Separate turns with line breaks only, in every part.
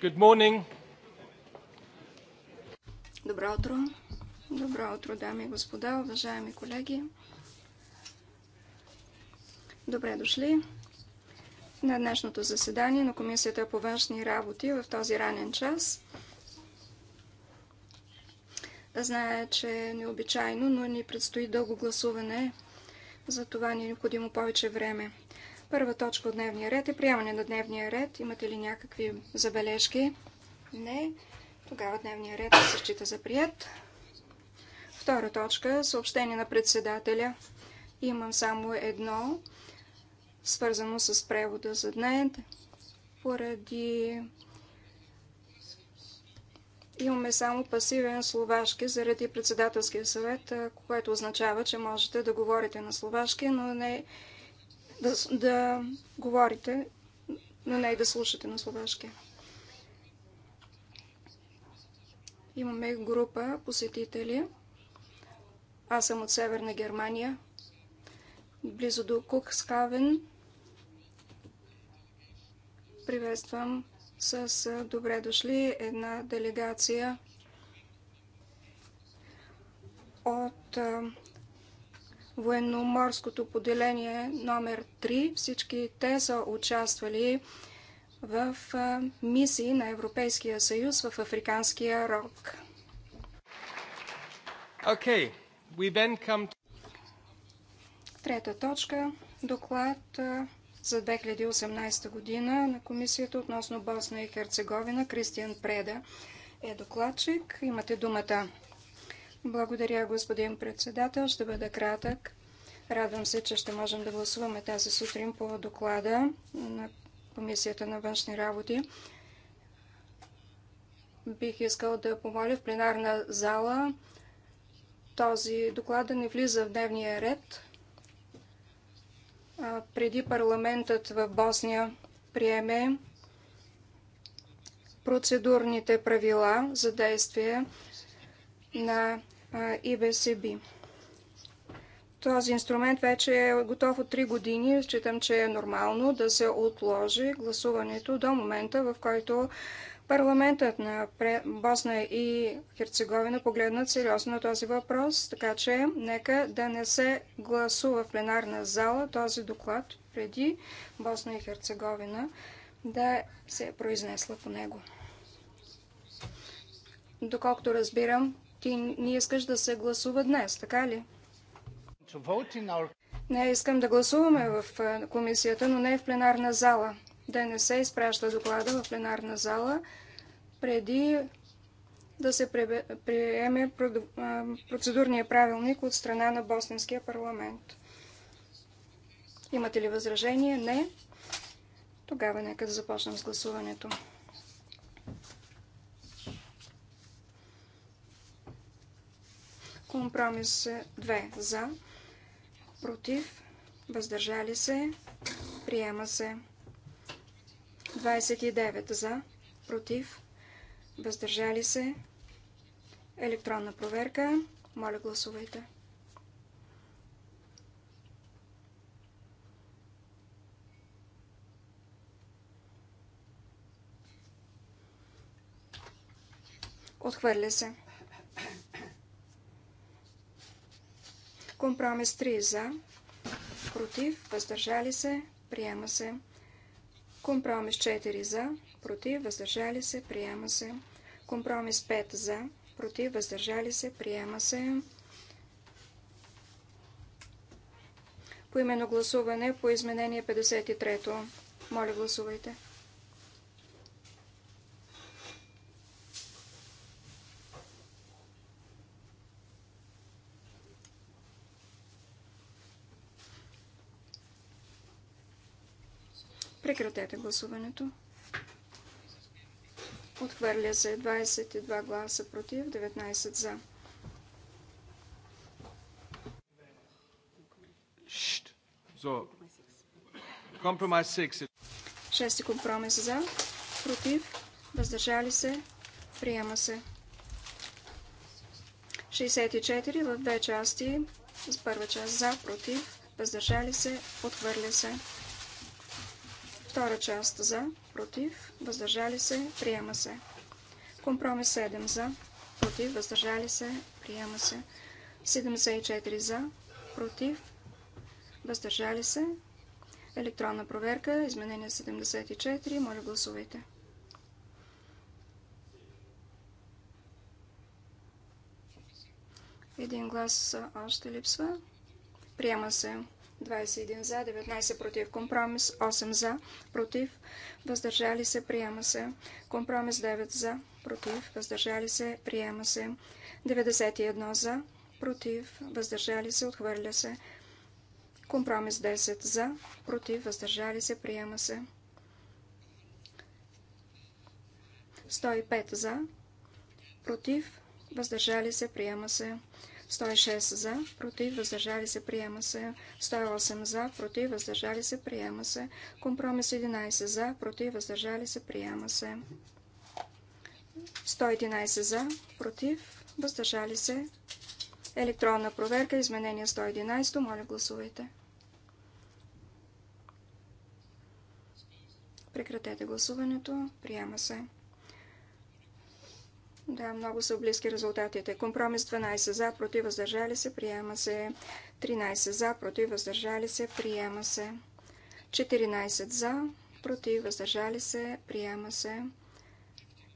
Good morning.
Добро утро. Добро утро, дами и господа, уважаеми колеги. Добре дошли на днешното заседание на Комисията по външни работи в този ранен час. Зная, че е необичайно, но ни предстои дълго гласуване. За това ни е необходимо повече време. Първа точка от дневния ред е приемане на дневния ред. Имате ли някакви забележки? Не. Тогава дневния ред се счита за прият. Втора точка е – съобщение на председателя. Имам само едно, свързано с превода за днес. Поради... Имаме само пасивен словашки заради председателския съвет, което означава, че можете да говорите на словашки, но не да, да говорите, но не и да слушате на словашки. Имаме група посетители. Аз съм от Северна Германия, близо до Кукскавен. Приветствам с добре дошли една делегация от военноморското поделение номер 3. Всички те са участвали в мисии на Европейския съюз в Африканския рог.
Okay. We then come to...
Трета точка. Доклад за 2018 година на Комисията относно Босна и Херцеговина. Кристиан Преда е докладчик. Имате думата. Благодаря, господин председател. Ще бъда кратък. Радвам се, че ще можем да гласуваме тази сутрин по доклада на Комисията на външни работи. Бих искал да помоля в пленарна зала този доклад да не влиза в дневния ред. Преди парламентът в Босния приеме процедурните правила за действие на и ВСБ. Този инструмент вече е готов от 3 години. Считам, че е нормално да се отложи гласуването до момента, в който парламентът на Босна и Херцеговина погледнат сериозно на този въпрос, така че нека да не се гласува в пленарна зала този доклад преди Босна и Херцеговина да се е произнесла по него. Доколкото разбирам, ти не искаш да се гласува днес, така ли? Не, искам да гласуваме в комисията, но не в пленарна зала. Да не се изпраща доклада в пленарна зала преди да се приеме процедурния правилник от страна на Босненския парламент. Имате ли възражение? Не. Тогава нека да започнем с гласуването. Компромис 2 за, против, въздържали се, приема се. 29 за, против, въздържали се, електронна проверка. Моля, гласувайте. Отхвърля се. Компромис 3 за, против, въздържали се, приема се. Компромис 4 за, против, въздържали се, приема се. Компромис 5 за, против, въздържали се, приема се. По именно гласуване по изменение 53-то. Моля гласувайте. Прекратете гласуването. Отхвърля се 22 гласа против, 19 за. Шести компромис за, против, въздържали се, приема се. 64 в две части, с първа част за, против, въздържали се, отхвърля се. Втора част за, против, въздържали се, приема се. Компромис 7 за, против, въздържали се, приема се. 74 за, против, въздържали се. Електронна проверка, изменение 74, моля гласувайте. Един глас още липсва. Приема се. 21 за, 19 против. Компромис 8 за, против. Въздържали се, приема се. Компромис 9 за, против. Въздържали се, приема се. 91 за, против. Въздържали се, отхвърля се. Компромис 10 за, против. Въздържали се, приема се. 105 за, против. Въздържали се, приема се. 106 за, против, въздържали се, приема се. 108 за, против, въздържали се, приема се. Компромис 11 за, против, въздържали се, приема се. 111 за, против, въздържали се. Електронна проверка, изменение 111. Моля, гласувайте. Прекратете гласуването. Приема се. Да, много са близки резултатите. Компромис 12 за, против, въздържали се, приема се. 13 за, против, въздържали се, приема се. 14 за, против, въздържали се, приема се.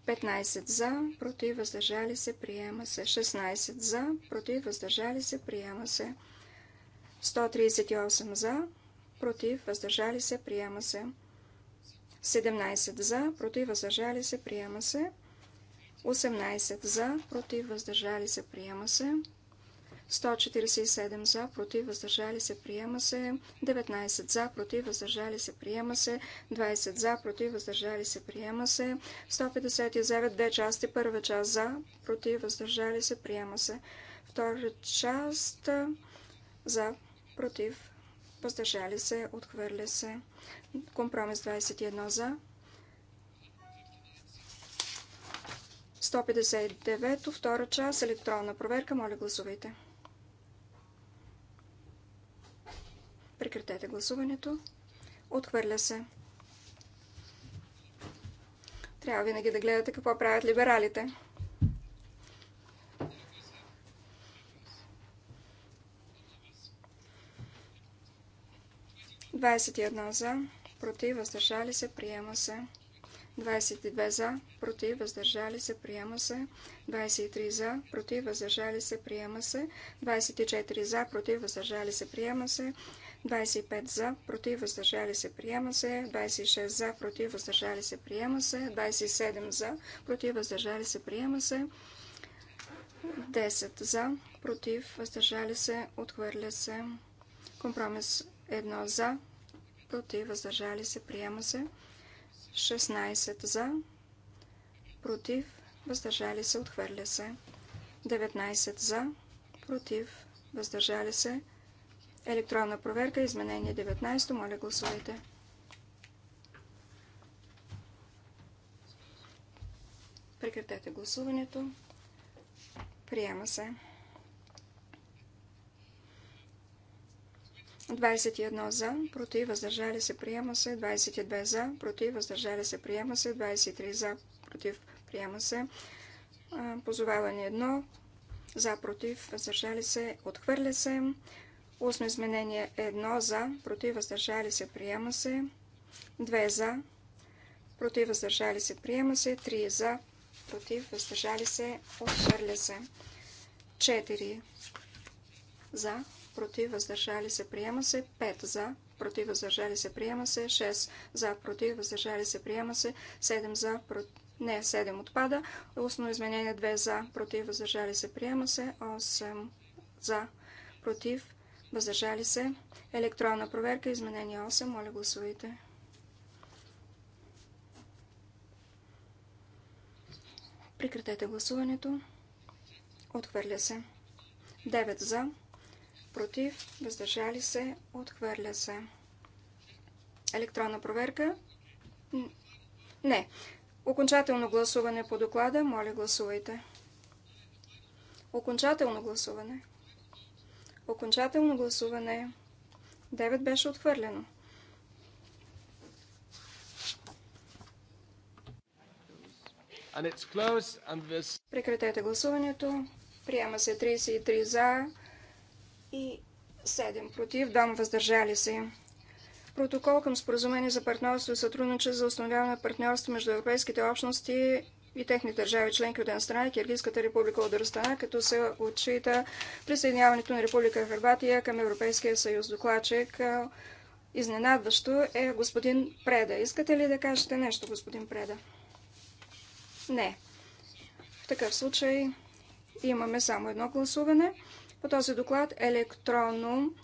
15 за, против, въздържали се, приема се. 16 за, против, въздържали се, приема се. 138 за, против, въздържали се, приема се. 17 за, против, въздържали се, приема се. 18 за, против, въздържали се, приема се. 147 за, против, въздържали се, приема се. 19 за, против, въздържали се, приема се. 20 за, против, въздържали се, приема се. 159, две части, първа част за, против, въздържали се, приема се. Втора част за, против, въздържали се, отхвърля се. Компромис 21 за, 159, втора част, електронна проверка. Моля, гласувайте. Прекратете гласуването. Отхвърля се. Трябва винаги да гледате какво правят либералите. Двадесет и едно за, против, въздържали се, приема се. 22 за, против, въздържали се, приема се. 23 за, против, въздържали се, приема се. 24 за, против, въздържали се, приема се. 25 за, против, въздържали се, приема се. 26 за, против, въздържали се, приема се. 27 за, против, въздържали се, приема се. 10 за, против, въздържали се, отхвърля се. Компромис 1 за, против, въздържали се, приема се. 16 за, против, въздържали се, отхвърля се. 19 за, против, въздържали се. Електронна проверка, изменение 19, моля гласувайте. Прекратете гласуването. Приема се. 21 за, против, въздържали се, приема се. 22 за, против, въздържали се, приема се. 23 за, против, приема се. Позоваване 1, за, против, въздържали се, отхвърля се. Устно изменение 1 за, против, въздържали се, приема се. 2 за, против, въздържали се, приема се. 3 за, против, въздържали се, отхвърля се. 4 за, против, въздържали се, приема се. 5 за, против, въздържали се, приема се. 6 за, против, въздържали се, приема се. 7 за, против, не, 7 отпада. Устно изменение 2 за, против, въздържали се, приема се. 8 за, против, въздържали се. Електронна проверка, изменение 8. Моля гласувайте. Прекратете гласуването. Отхвърля се. 9 за, против, въздържали се, отхвърля се. Електронна проверка? Не. Окончателно гласуване по доклада. Моля, гласувайте. Окончателно гласуване. Окончателно гласуване. 9 беше отхвърлено.
This...
Прекратете гласуването. Приема се 33 за, и 7 против, 2 въздържали се. Протокол към споразумение за партньорство и сътрудничество за установяване на партньорство между европейските общности и техни държави членки от една страна и Киргизската република от друга страна, като се отчита присъединяването на Република Хърватия към Европейския съюз. Докладчик изненадващо е господин Преда. Искате ли да кажете нещо, господин Преда? Не. В такъв случай имаме само едно гласуване по този доклад електронно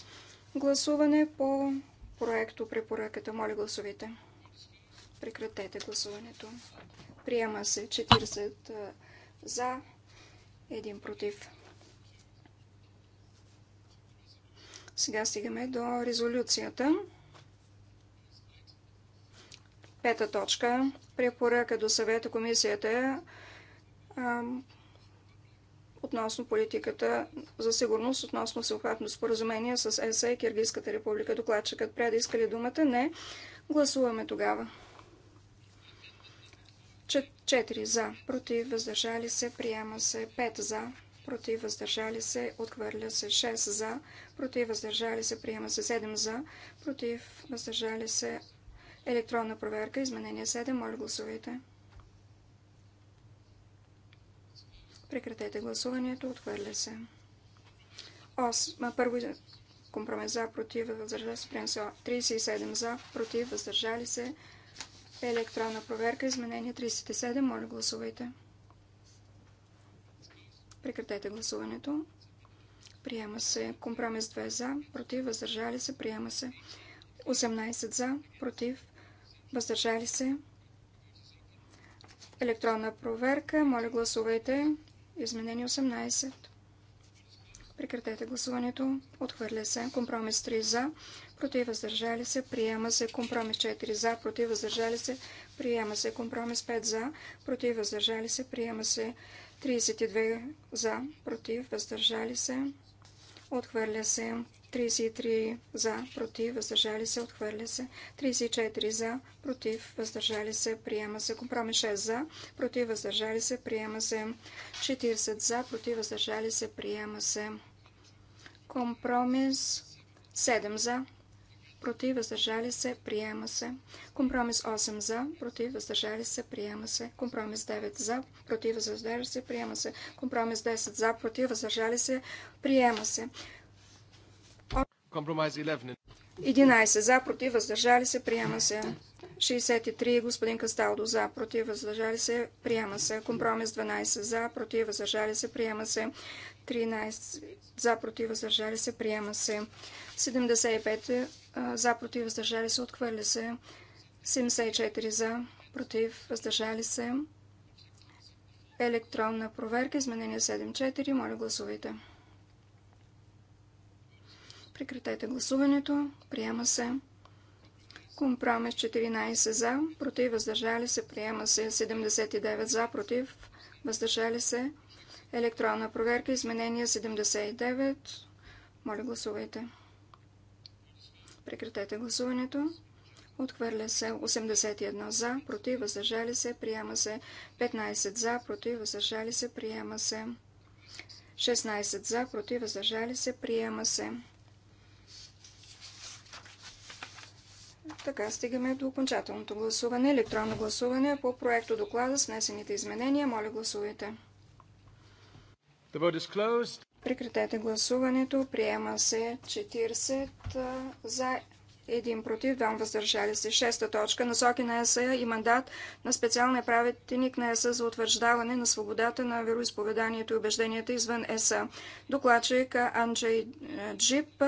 гласуване по проекто препоръката. Моля гласовите. Прекратете гласуването. Приема се 40 за, 1 против. Сега стигаме до резолюцията. Пета точка. Препоръка до съвета комисията е относно политиката за сигурност, относно всеобхватно споразумение с ЕСА и Киргизската република. Докладчикът да искали думата? Не. Гласуваме тогава. Четири за, против, въздържали се, приема се. Пет за, против, въздържали се, отхвърля се. 6 за, против, въздържали се, приема се. 7 за, против, въздържали се. Електронна проверка, изменение 7. Моля гласувайте. Прекратете гласуването. Отхвърля се. Първо компромис за, против, въздържали се. Приема се 37 за, против, въздържали се. Електронна проверка. Изменение 37. Моля, гласувайте. Прекратете гласуването. Приема се. Компромис 2 за, против, въздържали се. Приема се. 18 за, против, въздържали се. Електронна проверка. Моля, гласувайте. Изменение 18. Прекратете гласуването. Отхвърля се. Компромис 3 за. Против въздържали се. Приема се. Компромис 4 за. Против въздържали се. Приема се. Компромис 5 за. Против въздържали се. Приема се. 32 за. Против въздържали се отхвърля се. 33 за, против, въздържали се, отхвърля се. 34 за, против, въздържали се, приема се. Компромис 6 за, против, въздържали се, приема се. 40 за, против, въздържали се, приема се. Компромис 7 за, против, въздържали се, приема се. Компромис 8 за, против, въздържали се, приема се. Компромис 9 за, против, въздържали се, приема се. Компромис 10 за, против, въздържали се, приема се. 11 за, против, въздържали се, приема се. 63 господин Касталдо за, против, въздържали се, приема се. Компромис 12 за, против, въздържали се, приема се. 13 за против въздържали се, приема се. 75 за против въздържали се, отхвърля се. 74 за против въздържали се. Електронна проверка, изменение 7.4. Моля гласувайте. Прекратете гласуването. Приема се. Компромис 14 за, против въздържали се, приема се 79 за, против въздържали се, Електронна проверка. Изменение 79. Моля, гласувайте. Прекратете гласуването. Отхвърля се 81 за, против, въздържали се, приема се 15 за, против, въздържали се, приема се 16 за, против, въздържали се, приема се. Така стигаме до окончателното гласуване. Електронно гласуване по проекто доклада с внесените изменения. Моля гласувайте. Прекратете гласуването. Приема се 40 за 1 против, 2 въздържали се. Шеста точка. Насоки на ЕСА и мандат на специалния правителник на ЕСА за утвърждаване на свободата на вероисповеданието и убежденията извън ЕСА. Докладчик Анджей Джип.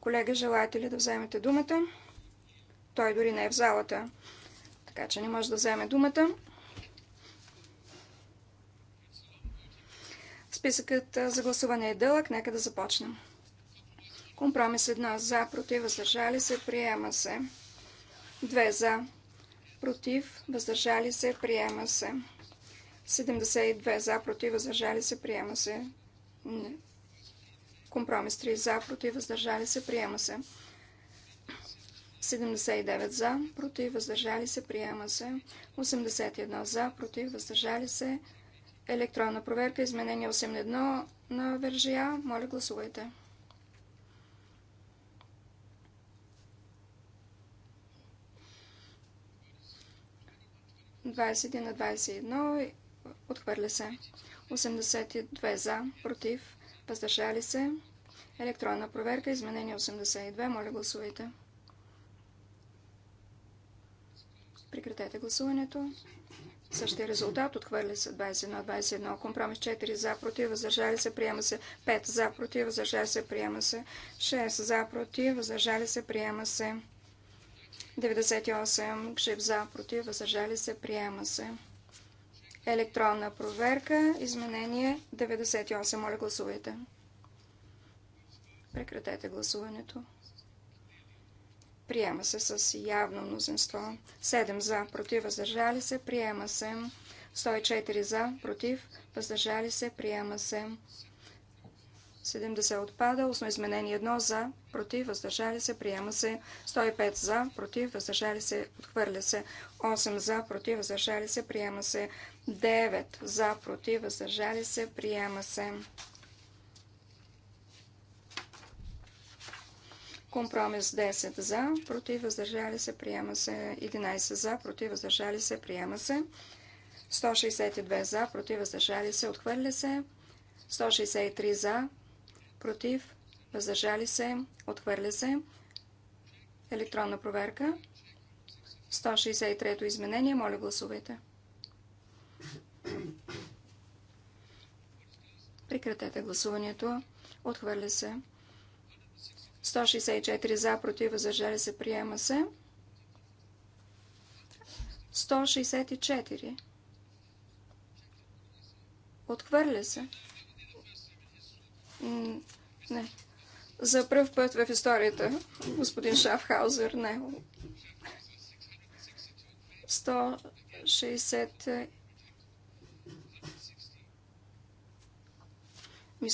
Колега, желаете ли да вземете думата? Той дори не е в залата, така че не може да вземе думата. Списъкът за гласуване е дълъг, нека да започнем. Компромис 1 за, против, въздържали се, приема се. 2 за, против, въздържали се, приема се. 72 за, против, въздържали се, приема се. Не. Компромис 3 за, против, въздържали се, приема се. 79 за, против, въздържали се, приема се. 81 за, против, въздържали се, приема се. Електронна проверка, изменение 8.1 на Вержия. Моля, гласувайте. Двадесет на 21 отхвърля се. 82 за, против, въздържали се. Електронна проверка, изменение 82. Моля, гласувайте. Прекратете гласуването. Същия резултат отхвърля се 21, 21. Компромис 4 за, против, въздържали се, приема се 5 за, против, въздържали се, приема се 6 за, против, въздържали се, приема се 98 гшип за, против, въздържали се, приема се. Електронна проверка, изменение 98. Моля гласувайте. Прекратете гласуването. Приема се с явно мнозинство. 7 за, против, въздържали се. Приема се. 104 за, против, въздържали се. Приема се. 70 отпада. Осно изменение 1 за, против, въздържали се. Приема се. 105 за, против, въздържали се. Отхвърля се. 8 за, против, въздържали се. Приема се. 9 за, против, въздържали се. Приема се. Компромис 10 за, против въздържали се, приема се. 11 за, против въздържали се, приема се. 162 за, против въздържали се, отхвърля се. 163 за, против въздържали се, отхвърля се. Електронна проверка. 163-то изменение. Моля гласувайте. Прекратете гласуването. Отхвърля се. 164 за, против, въздържали се, приема се. 164. Отхвърля се. Не. За първ път в историята, господин Шафхаузер, не. 160. Ми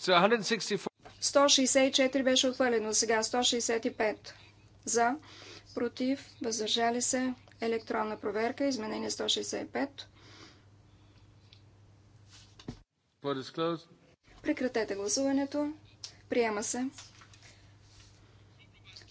164 беше отхвърлено, сега 165 за, против, въздържали се, електронна проверка, изменение 165. Прекратете гласуването. Приема се.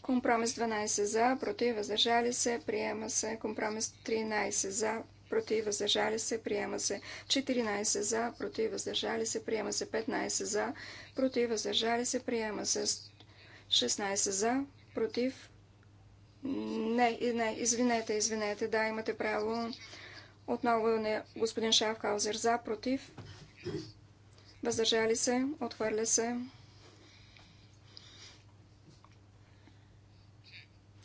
Компромис 12 за, против, въздържали се, приема се. Компромис 13 за, против, въздържали се, приема се 14 за, против, въздържали се, приема се 15 за, против, въздържали се, приема се 16 за, против. Не, не, извинете, извинете, да, имате право. Отново не, господин Шафхаузер за, против. Въздържали се, отхвърля се.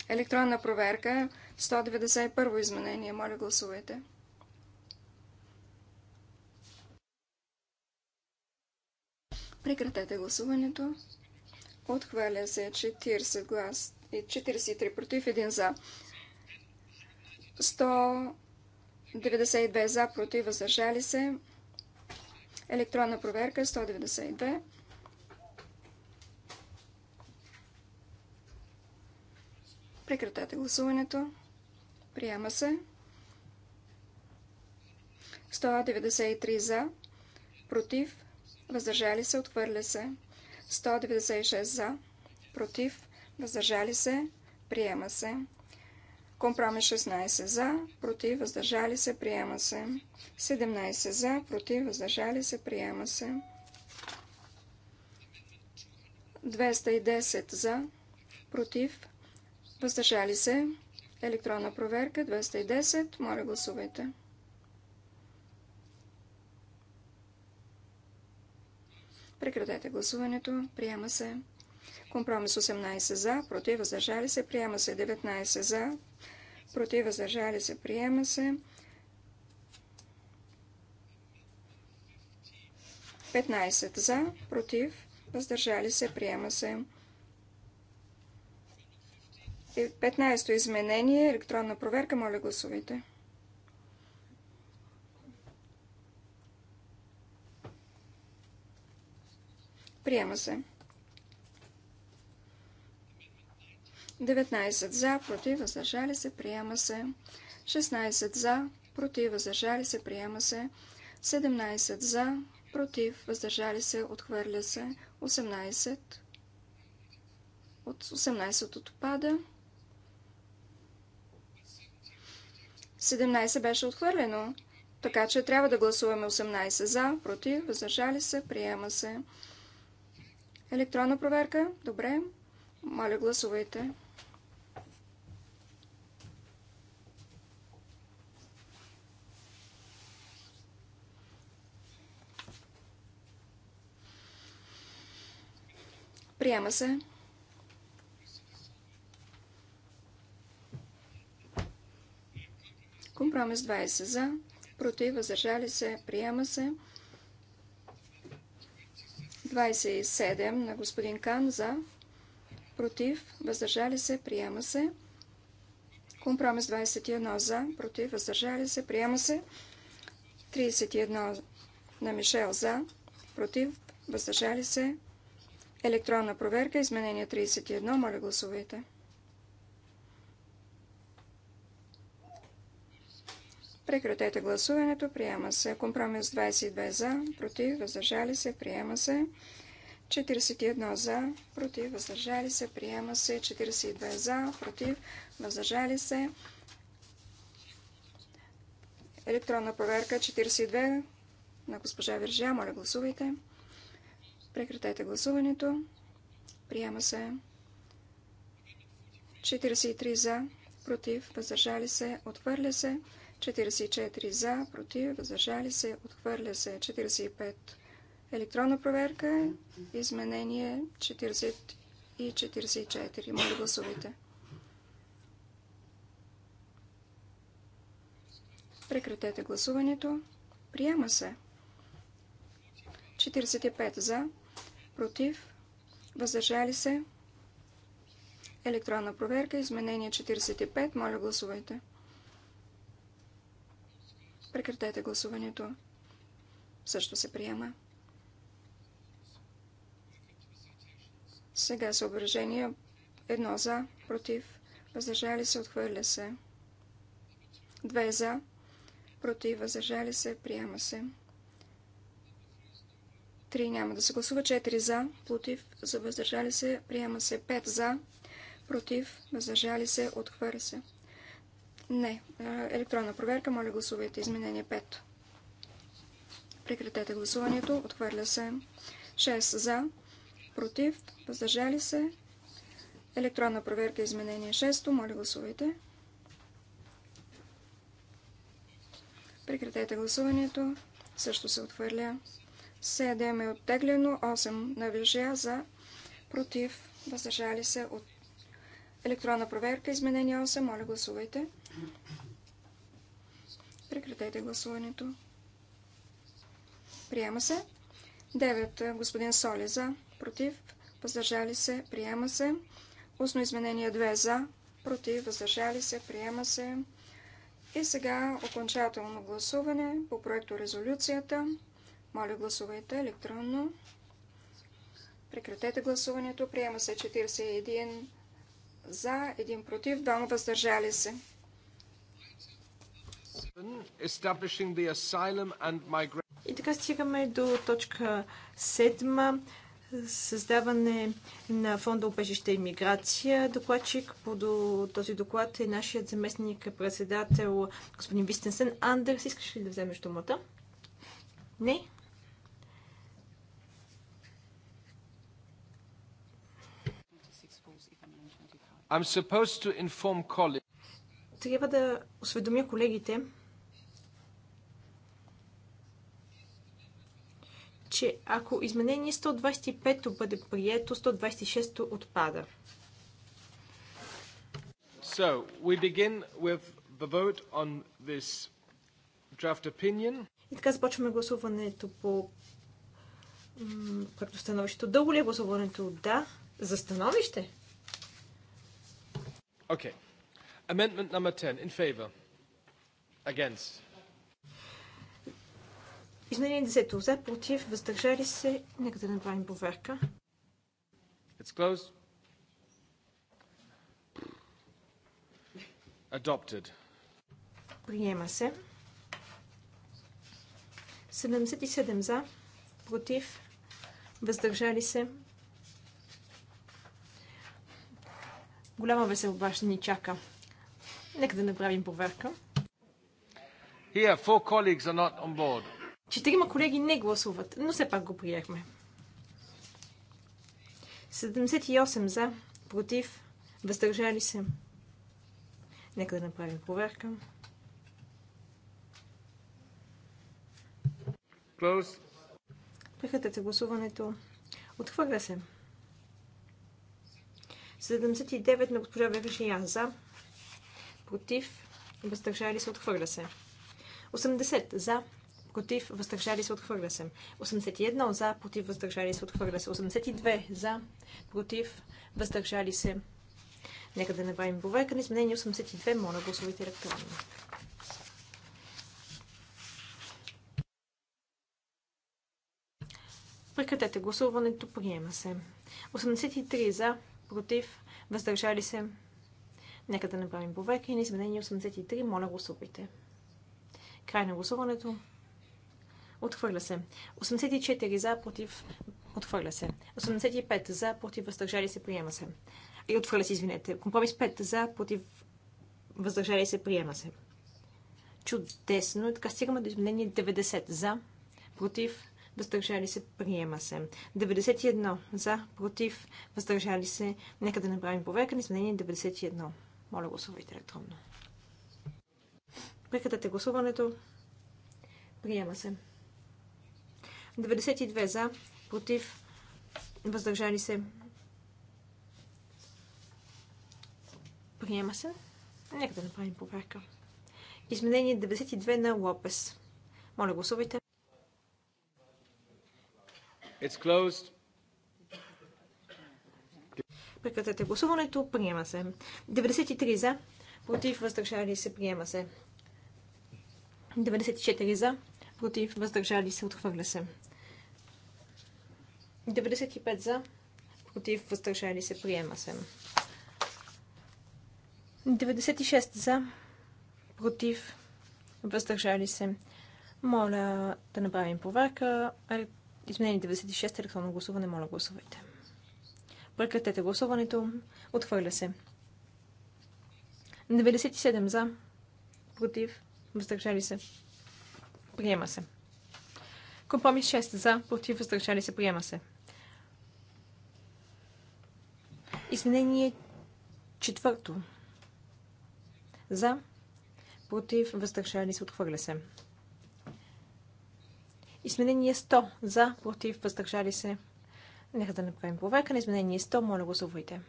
Електронна проверка, 191 изменение, моля гласувайте. Прекратете гласуването. Отхваля се 40 глас и 43 против 1 за. 192 за против въздържали се. Електронна проверка 192. Прекратете гласуването. Приема се. 193 за, против, въздържали се, отхвърля се. 196 за, против, въздържали се, приема се. Компромис 16 за, против, въздържали се, приема се. 17 за, против, въздържали се, приема се. 210 за, против, въздържали се. Електронна проверка 210. Моля гласувайте. Прекратете гласуването. Приема се. Компромис 18 за, против, въздържали се. Приема се 19 за, против, въздържали се. Приема се. 15 за, против, въздържали се, приема се. 15-то изменение, електронна проверка, моля гласувайте. Приема се. 19 за, против, въздържали се, приема се. 16 за, против, въздържали се, приема се. 17 за, против, въздържали се, отхвърля се. 18 от 18 отпада. 17 беше отхвърлено, така че трябва да гласуваме 18 за, против, въздържали се, приема се. Електронна проверка? Добре. Моля, гласувайте. Приема се. Компромис 20 за, против, въздържали се, приема се. 27 на господин Кан за, против, въздържали се, приема се. Компромис 21 за, против, въздържали се, приема се. 31 на Мишел за, против, въздържали се. Електронна проверка, изменение 31, моля гласувайте. Прекратете гласуването. Приема се. Компромис 22 за, против, въздържали се. Приема се. 41 за, против, въздържали се. Приема се. 42 за, против, въздържали се. Електронна проверка 42 на госпожа Вержия. Моля, гласувайте. Прекратете гласуването. Приема се. 43 за, против, въздържали се, отвърля се. 44 за, против, въздържали се, отхвърля се. 45 електронна проверка, изменение 40 и 44. Моля гласувайте. Прекратете гласуването. Приема се. 45 за, против, въздържали се. Електронна проверка, изменение 45. Моля гласувайте. Прекратете гласуването. Също се приема. Сега съображение. Едно за, против, въздържали се, отхвърля се. Две за, против, въздържали се, приема се. Три няма да се гласува. Четири за, против, за въздържали се, приема се. Пет за, против, въздържали се, отхвърля се. Не. Електронна проверка. Моля гласувайте. Изменение 5. Прекратете гласуването. Отхвърля се. 6 за. Против. Въздържали се. Електронна проверка. Изменение 6. Моля гласувайте. Прекратете гласуването. Също се отхвърля. 7 е оттеглено. 8 навижа за. Против. Въздържали се. От Електронна проверка, изменение 8. Моля, гласувайте. Прекратете гласуването. Приема се. 9. Господин Соли за. Против. Въздържали се. Приема се. Устно изменение 2 за. Против. Въздържали се. Приема се. И сега окончателно гласуване по проекто резолюцията. Моля гласувайте електронно. Прекратете гласуването. Приема се 41 за, един против, двама въздържали се.
И така
стигаме до точка 7. Създаване на фонда обежище и миграция. Докладчик по този доклад е нашият заместник председател господин Вистенсен Андерс. Искаш ли да вземеш думата? Не?
I'm supposed to inform colleagues. Трябва да осведомя колегите,
че ако изменение 125-то бъде прието, 126-то
отпада. So, we begin with the vote on this draft opinion.
И така започваме гласуването по предостановището. Дълго ли е гласуването? Да. За становище?
Okay. Amendment number 10. In favor. Against.
Изменение 10. За, против, въздържали се. Нека да направим проверка.
It's closed. Adopted.
Приема се. 77 за, против, въздържали се. Голяма весел ще ни чака. Нека да направим проверка.
Here, four colleagues are not on board.
Четирима колеги не гласуват, но все пак го приехме. 78 за, против, въздържали се. Нека да направим проверка. Close. гласуването. Отхвърля се. 79 на госпожа Вегашиян Янза. Против. Въздържали се. Отхвърля се. 80 за против, въздържали се, отхвърля се. 81 за, против, въздържали се, отхвърля се. 82 за, против, въздържали се. Нека да направим проверка на изменение 82. Моля, гласувайте електронно. Прекратете гласуването. Приема се. 83 за, против, въздържали се. Нека да направим повеки и на изменение 83. Моля, гласувайте. Край на гласуването. Отхвърля се. 84 за, против, отхвърля се. 85 за, против, въздържали се, приема се. И отхвърля се, извинете. Компромис 5 за, против, въздържали се, приема се. Чудесно. Така стигаме до изменение 90 за, против, въздържали се, приема се. 91 за, против, въздържали се. Нека да направим проверка на изменение 91. Моля, гласувайте електронно. Прекратете гласуването. Приема се. 92 за, против, въздържали се. Приема се. Нека да направим проверка. Изменение 92 на Лопес. Моля, гласувайте. Прекратете гласуването. Приема се. 93 за. Против. Въздържали се. Приема се. 94 за. Против. Въздържали се. Отхвърля се. 95 за. Против. Въздържали се. Приема се. 96 за. Против. Въздържали се. Моля да направим проверка. Изменени 96 електронно гласуване. Моля гласувайте. Прекратете гласуването. Отхвърля се. 97 за. Против. Въздържали се. Приема се. Компромис 6 за. Против. Въздържали се. Приема се. Изменение 4. За. Против. Въздържали се. Отхвърля се. Изменение 100 за, против, въздържали се. Нека да направим проверка на изменение 100. Моля, гласувайте.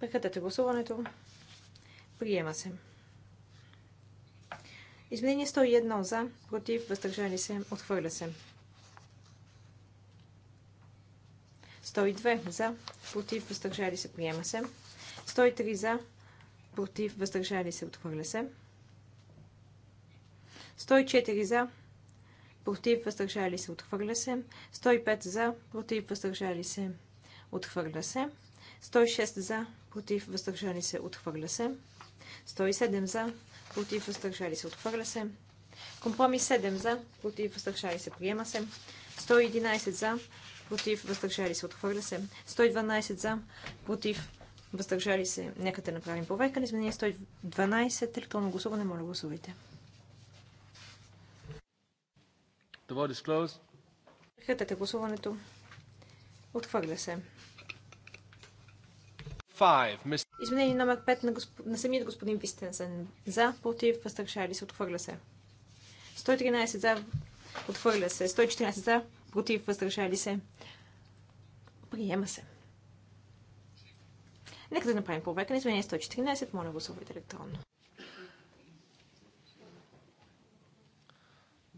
Прекратете гласуването. Приема се. Изменение 101 за, против, въздържали се, отхвърля се. 102 за, против, въздържали се, приема се. 103 за, против, въздържали се, отхвърля се. 104 за, против, въздържали се, отхвърля се. 105 за, против, въздържали се, отхвърля се. 106 за, против, въздържали се, отхвърля се. 107 за, против, въздържали се, отхвърля се. Компромис 7 за, против, въздържали се, приема се. 111 за, против, въздържали се, отхвърля се. 112 за, против, въздържали се. Нека да направим проверка. Изменение 112. Електронно гласуване. Моля, гласувайте.
The vote is closed.
гласуването. Отхвърля се. Изменение номер 5 на, госп... на самият господин Вистенсен. За, против, въздържали се, отхвърля се. 113 за, отхвърля се. 114 за, против, въздържали се. Приема се. Нека да направим проверка на изменение 114. Моля, гласувайте електронно.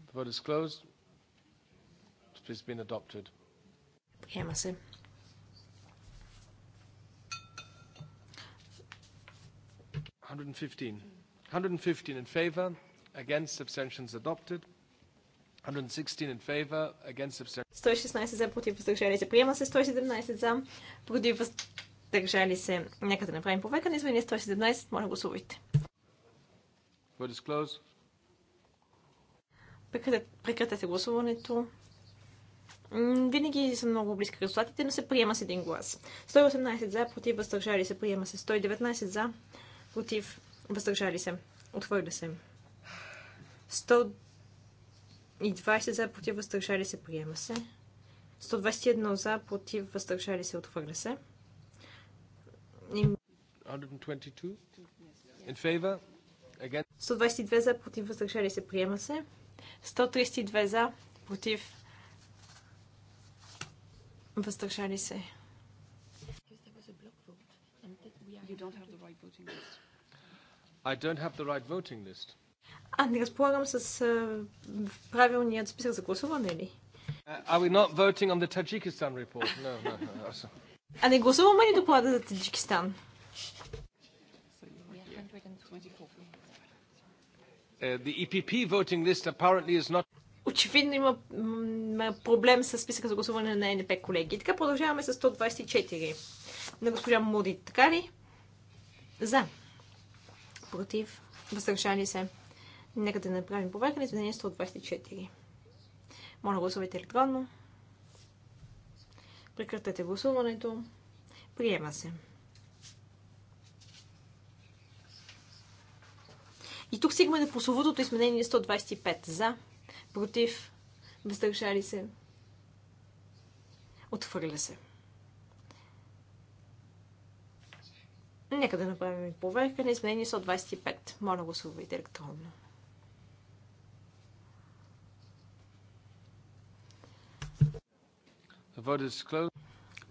The vote is closed has been adopted. Приема се. Hundred and fifteen. Hundred and fifteen in favour. Against abstentions adopted. 116 in favor, against abstention.
116 за, против въздържали се. Приема се 117 за, против въздържали се. Нека да направим повека на изменение 117. Моля, гласувайте. Прекратете гласуването винаги са много близки резултатите, но се приема с един глас. 118 за, против, въздържали се, приема се. 119 за, против, въздържали се, Отвърля се. 120 за, против, въздържали се, приема се. 121 за, против, въздържали се, отвърля се. 122 in favor. 122 за, против, въздържали се, приема се. 132 за, против, Въздържали се.
I don't have the right voting list.
А, не разполагам с правилният списък за гласуване ли?
Are we not voting on the Tajikistan report? No, no, no.
А не гласуваме ли доклада за Таджикистан?
the EPP voting list apparently is not
очевидно има проблем с списъка за гласуване на НП колеги. така продължаваме с 124 на госпожа Муди. Така ли? За. Против. Въздържали се. Нека да направим проверка на изменение 124. Моля, гласувайте електронно. Прекратете гласуването. Приема се. И тук стигаме до прословутото изменение 125 за против, въздържали се, отхвърля се. Нека да направим проверка на изменение 125. Моля, гласувайте електронно.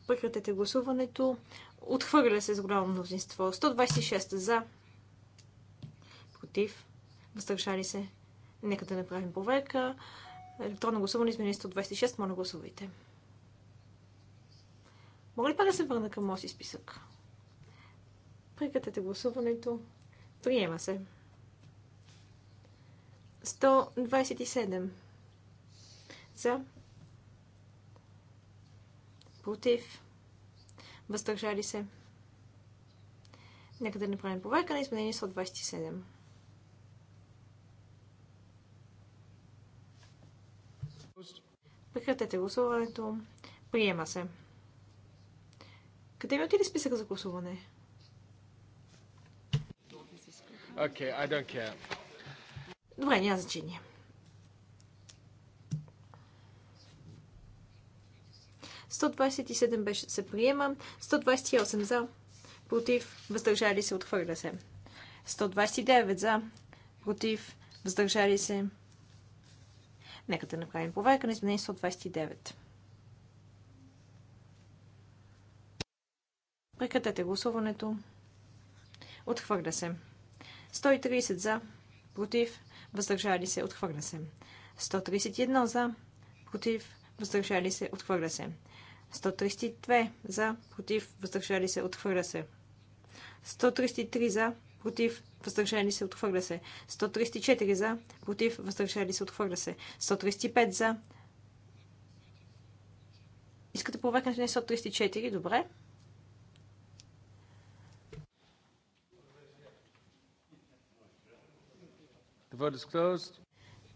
Прекратете гласуването. Отхвърля се с голямо мнозинство. 126 за. Против. Въздържали се. Нека да направим проверка. Електронно гласуване изменение 126. Моля гласувайте. Мога ли пак да се върна към моят списък? Прекратете гласуването. Приема се. 127. За. Против. Въздържали се. Нека да направим проверка на изменение 127. Прекратете гласуването. Приема се. Къде ми отиде списъка за гласуване?
Okay, I don't care.
Добре, няма значение. беше се приема, 128 за, против, въздържали се, отхвърля се. 129 за, против, въздържали се, Нека да направим проверка на изменение 129. Прекратете гласуването. Отхвърля се. 130 за, против, въздържали се, отхвърля се. 131 за, против, въздържали се, отхвърля се. 132 за, против, въздържали се, отхвърля се. 133 за, против, въздържали се, отхвърля се. 134 за, против, въздържали се, отхвърля се. 135 за. Искате проверка на 134? Добре.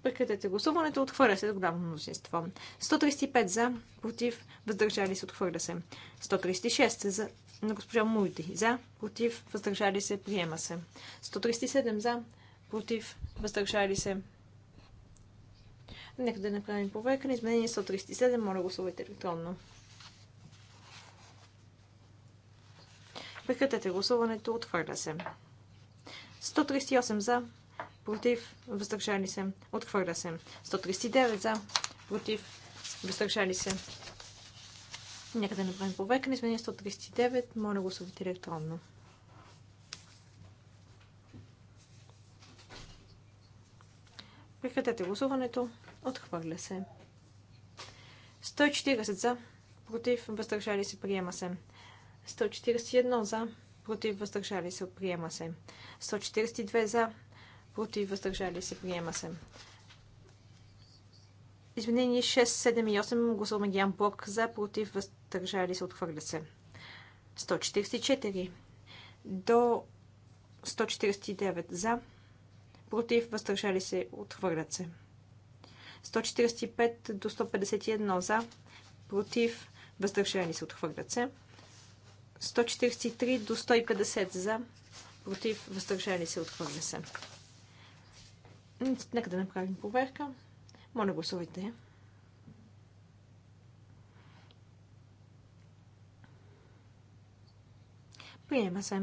Прекратете гласуването. Отхвърля се до голямо мнозинство. 135 за, против, въздържали се, отхвърля се. 136 за, на госпожа Муйти. За, против, въздържали се, приема се. 137 за, против, въздържали се. Нека да направим проверка на изменение 137. Моля, гласувайте електронно. Прекратете гласуването. Отхвърля се. 138 за, против, въздържали се. Отхвърля се. 139 за, против, въздържали се. Нека да направим повека на изменение 139. Моля гласувайте електронно. Прекратете гласуването. Отхвърля се. 140 за. Против. Въздържали се. Приема се. 141 за. Против. Въздържали се. Приема се. 142 за. Против. Въздържали се. Приема се. Изменение 6, 7 и 8. Гласуваме ги блок за. Против. Въз въздържали се, отхвърля се. 144 до 149 за, против, въздържали се, отхвърлят се. 145 до 151 за, против, въздържали се, отхвърлят се. 143 до 150 за, против, въздържали се, отхвърля се. Нека да направим проверка. Моля, гласувайте. Приема се.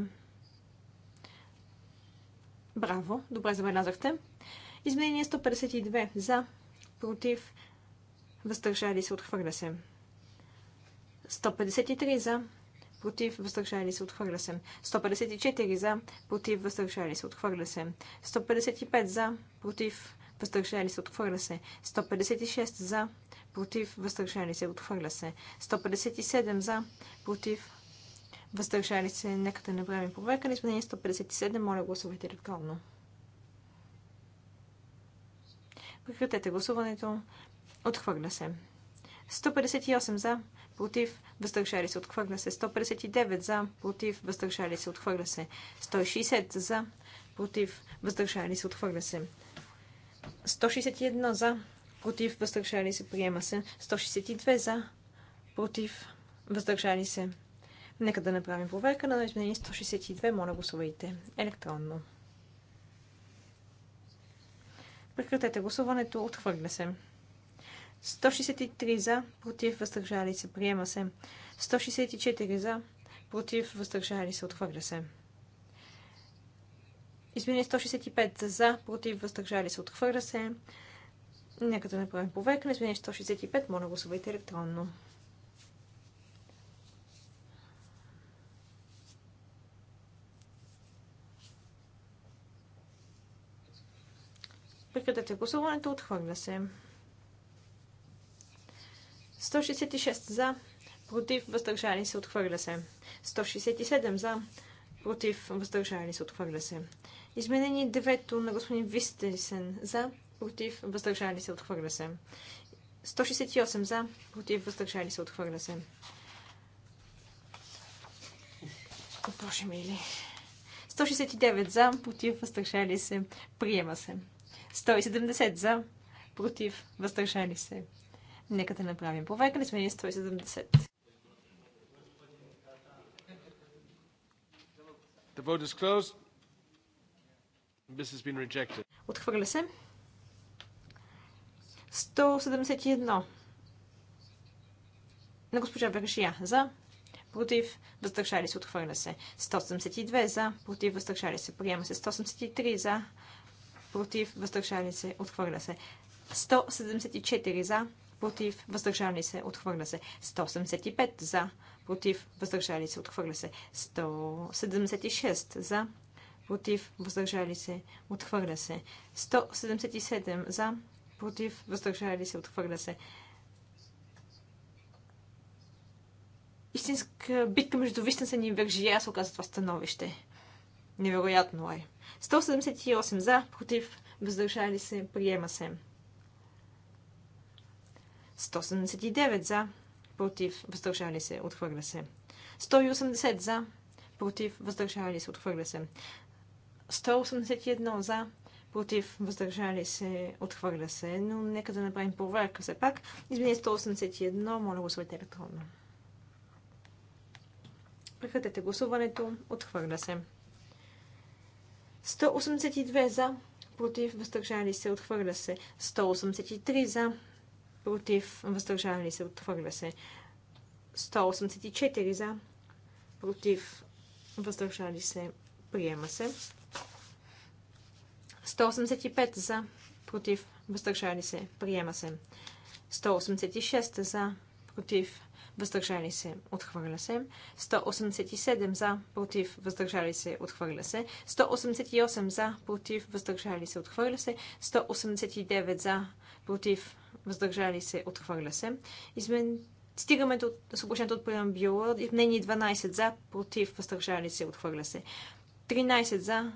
Браво, добре забелязахте. Изменение 152. За, против, въздържали се, отхвърля се. 153 за, против, въздържали се, отхвърля се. 154 за, против, въздържали се, отхвърля се. 155 за, против, въздържали се, отхвърля се. 156 за, против, въздържали се, отхвърля се. 157 за, против, въздържали се, нека да направим проверка на изменение 157. Моля, гласувайте електронно. Прекратете гласуването. Отхвърля се. 158 за, против, въздържали се, отхвърля се. 159 за, против, въздържали се, отхвърля се. 160 за, против, въздържали се, отхвърля се. 161 за, против, въздържали се, приема се. 162 за, против, въздържали се, Нека да направим проверка на изменение 162. Моля, гласувайте електронно. Прекратете гласуването. Отхвърля се. 163 за, против, въздържали се. Приема се. 164 за, против, въздържали се. Отхвърля се. Изменение 165 за, против, въздържали се. Отхвърля се. Нека да направим проверка на изменение 165. Моля, гласувайте електронно. Прекратете гласуването. Отхвърля се. 166 за. Против. Въздържали се. Отхвърля се. 167 за. Против. Въздържали се. Отхвърля се. Изменение 9 на господин Вистесен за. Против. Въздържали се. Отхвърля се. 168 за. Против. Въздържали се. Отхвърля се. боже мили. 169 за, против, въздържали се, приема се. 170 за, против, въздържали се. Нека да направим проверка. Не сме 170.
The vote is closed. This has been rejected. Отхвърля се.
171. На госпожа Бершия. За. Против. Въздържали се. Отхвърля се. 172. За. Против. Въздържали се. Приема се. 173. За против, въздържали се, отхвърля се. 174 за, против, въздържали се, отхвърля се. 175 за, против, въздържали се, отхвърля се. 176 за, против, въздържали се, отхвърля се. 177 за, против, въздържали се, отхвърля се. Истинска битка между вистенсен и вержия се оказа това становище. Невероятно е. 178 за, против, въздържали се, приема се. 179 за, против, въздържали се, отхвърля се. 180 за, против, въздържали се, отхвърля се. 181 за, против, въздържали се, отхвърля се, но нека да направим проверка все пак. Извини 181, моля го гласувайте електронно. Прекратете гласуването, отхвърля се. 182 за, против, въздържали се, отхвърля се. 183 за, против, въздържали се, отхвърля се. 184 за, против, въздържали се, приема се. 185 за, против, въздържали се, приема се. 186 за, против, въздържали се, отхвърля се. 187 за, против, въздържали се, отхвърля се. 188 за, против, въздържали се, отхвърля се. 189 за, против, въздържали се, отхвърля се. Измен... Стигаме до съглашението от преамбюла. Мнение 12 за, против, въздържали се, отхвърля се. 13 за,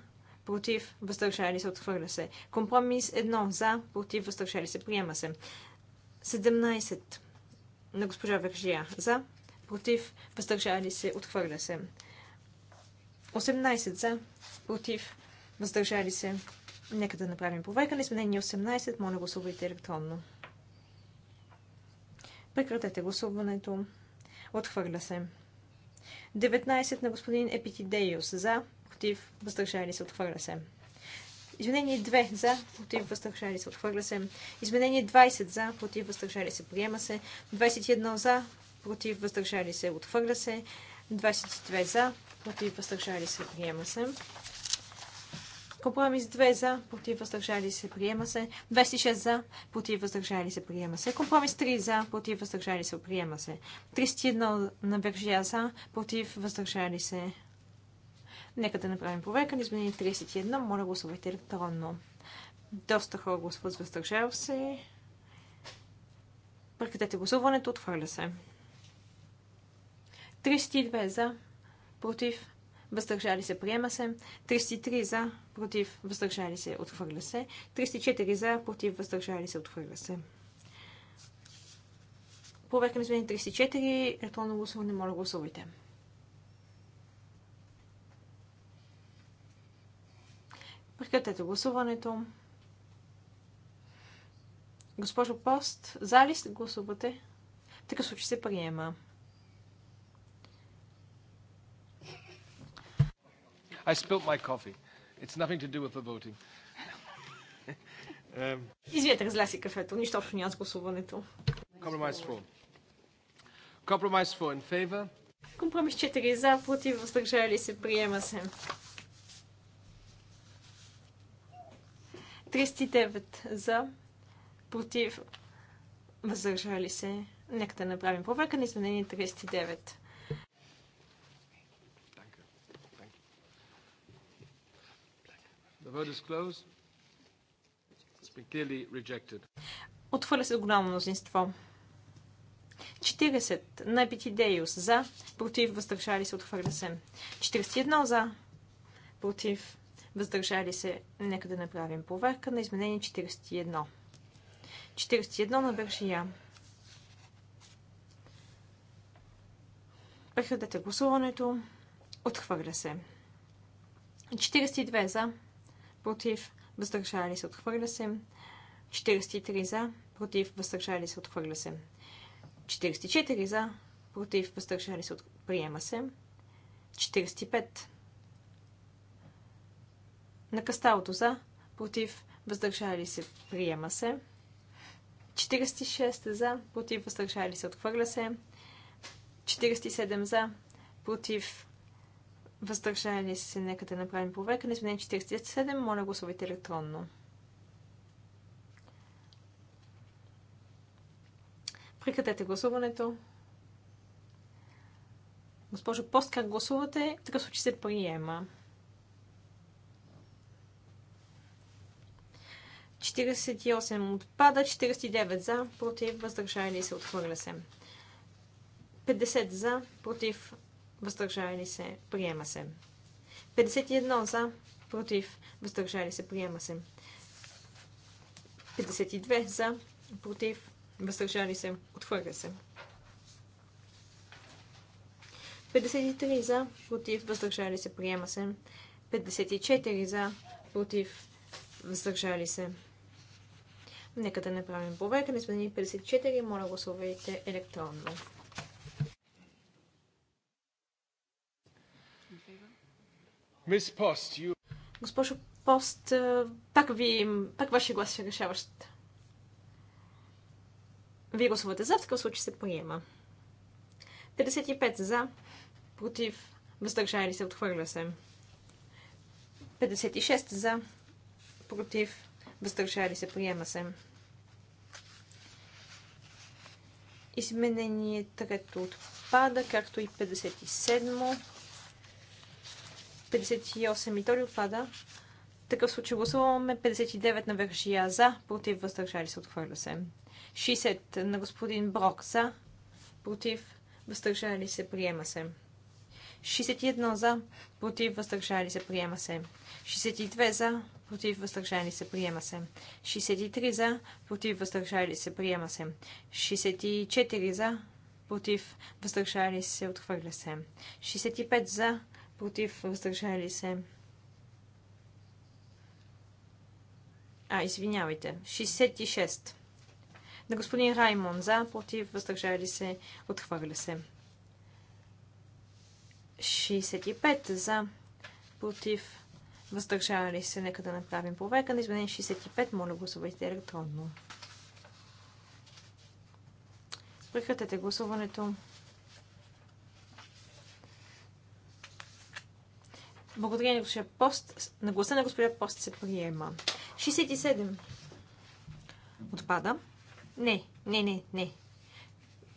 против, въздържали се, отхвърля се. Компромис 1 за, против, въздържали се, приема се. 17 на госпожа Вержия. За, против, въздържали се, отхвърля се. 18 за, против, въздържали се. Нека да направим проверка на изменение 18. Моля, гласувайте електронно. Прекратете гласуването. Отхвърля се. 19 на господин Епитидеус за, против, въздържали се, отхвърля се. Изменение 2 за, против, въздържали се, отхвърля се. Изменение 20 за, против, въздържали се, приема се. 21 за, против, въздържали се, отхвърля се. 22 за, против, въздържали се, приема се. Компромис 2 за, против въздържали се, приема се. 26 за, против въздържали се, приема се. Компромис 3 за, против въздържали се, приема се. 31 на Бержия за, против въздържали се, Нека да направим проверка на изменение 31. Моля, гласувайте електронно. Доста хора гласуват въздържал се. Прекратете гласуването. Отхвърля се. 32 за, против, въздържали се, приема се. 33 за, против, въздържали се, отхвърля се. 34 за, против, въздържали се, отхвърля се. Проверка на изменение 34. Електронно гласуване, моля гласувайте. Прекратете гласуването. Госпожо Пост, за ли сте гласувате? Така такъв случай се приема.
I spilt my coffee. It's nothing to do with the voting. um...
Извинете, разля си кафето. Нищо общо няма с гласуването.
Compromise 4. Compromise 4 in favor.
Компромис 4 за, против, въздържали се, приема се. 39 за, против, въздържали се. Нека да направим проверка на изменение 39.
The vote is closed. It's been clearly rejected.
Отхвърля се голямо мнозинство. 40 на Епитидеус за, против, въздържали се, отхвърля се. 41 за, против, въздържали се, нека да направим проверка на изменение 41. 41 на вършия. Прекратете гласуването. Отхвърля се. 42 за, против, въздържали се, отхвърля се. 43 за, против, въздържали се, отхвърля се. 44 за, против, въздържали се, приема се. 45 Накасталото за, против, въздържали се, приема се. 46 за, против, въздържали се, отхвърля се. 47 за, против, въздържали се, нека да направим проверка. На изменение 47, моля гласувайте електронно. Прекратете гласуването. Госпожо Пост, как гласувате? Така такъв случай се приема. 48 отпада, 49 за, против, въздържали се, отхвърля се. 50 за, против, въздържали се, приема се. 51 за, против, въздържали се, приема се. 52 за, против, въздържали се, отхвърля се. 53 за, против, въздържали се, приема се. 54 за, против, въздържали се, Нека да направим проверка на изменение 54. Моля гласувайте електронно.
Мис Пост, you...
Госпожо Пост, е, пак, ви, пак вашия глас е решаващ. Вие гласувате за, в такъв случай се приема. 55 за, против, въздържали се, отхвърля се. 56 за, против, въздържали се, приема се. Изменение трето отпада, както и 57. 58 и то ли отпада? В такъв случай гласуваме 59 на вършия за, против въздържали се, отхвърля се. 60 на господин Брок за, против въздържали се, приема се. 61 за, против, въздържали се, приема се. 62 за, против, въздържали се, приема се. 63 за, против, въздържали се, приема се. 64 за, против, въздържали се, отхвърля се. 65 за, против, въздържали се. А, извинявайте. 66. На господин Раймон за, против, въздържали се, отхвърля се. 65 за, против, въздържали се. Нека да направим проверка на изменение 65. Моля, гласувайте електронно. Прекратете гласуването. Благодаря на госпожа Пост. На гласа на госпожа Пост се приема. 67. Отпада. Не, не, не, не.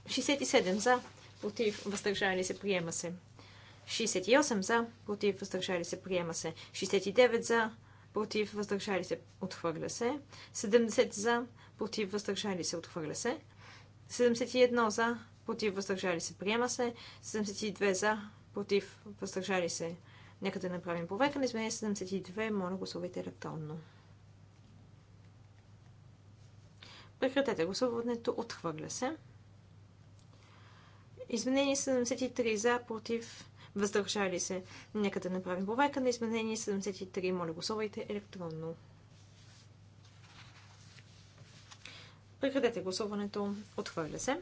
67 за. Против. Въздържали се. Приема се. 68 за, против, въздържали се, приема се. 69 за, против, въздържали се, отхвърля се. 70 за, против, въздържали се, отхвърля се. 71 за, против, въздържали се, приема се. 72 за, против, въздържали се. Нека да направим повека. на изменение 72. Моля, гласувайте електронно. Прекратете гласуването. Отхвърля се. Изменение 73 за, против, въздържали се. Нека да направим проверка на изменение 73. Моля, гласувайте електронно. Прекратете гласуването. Отхвърля се.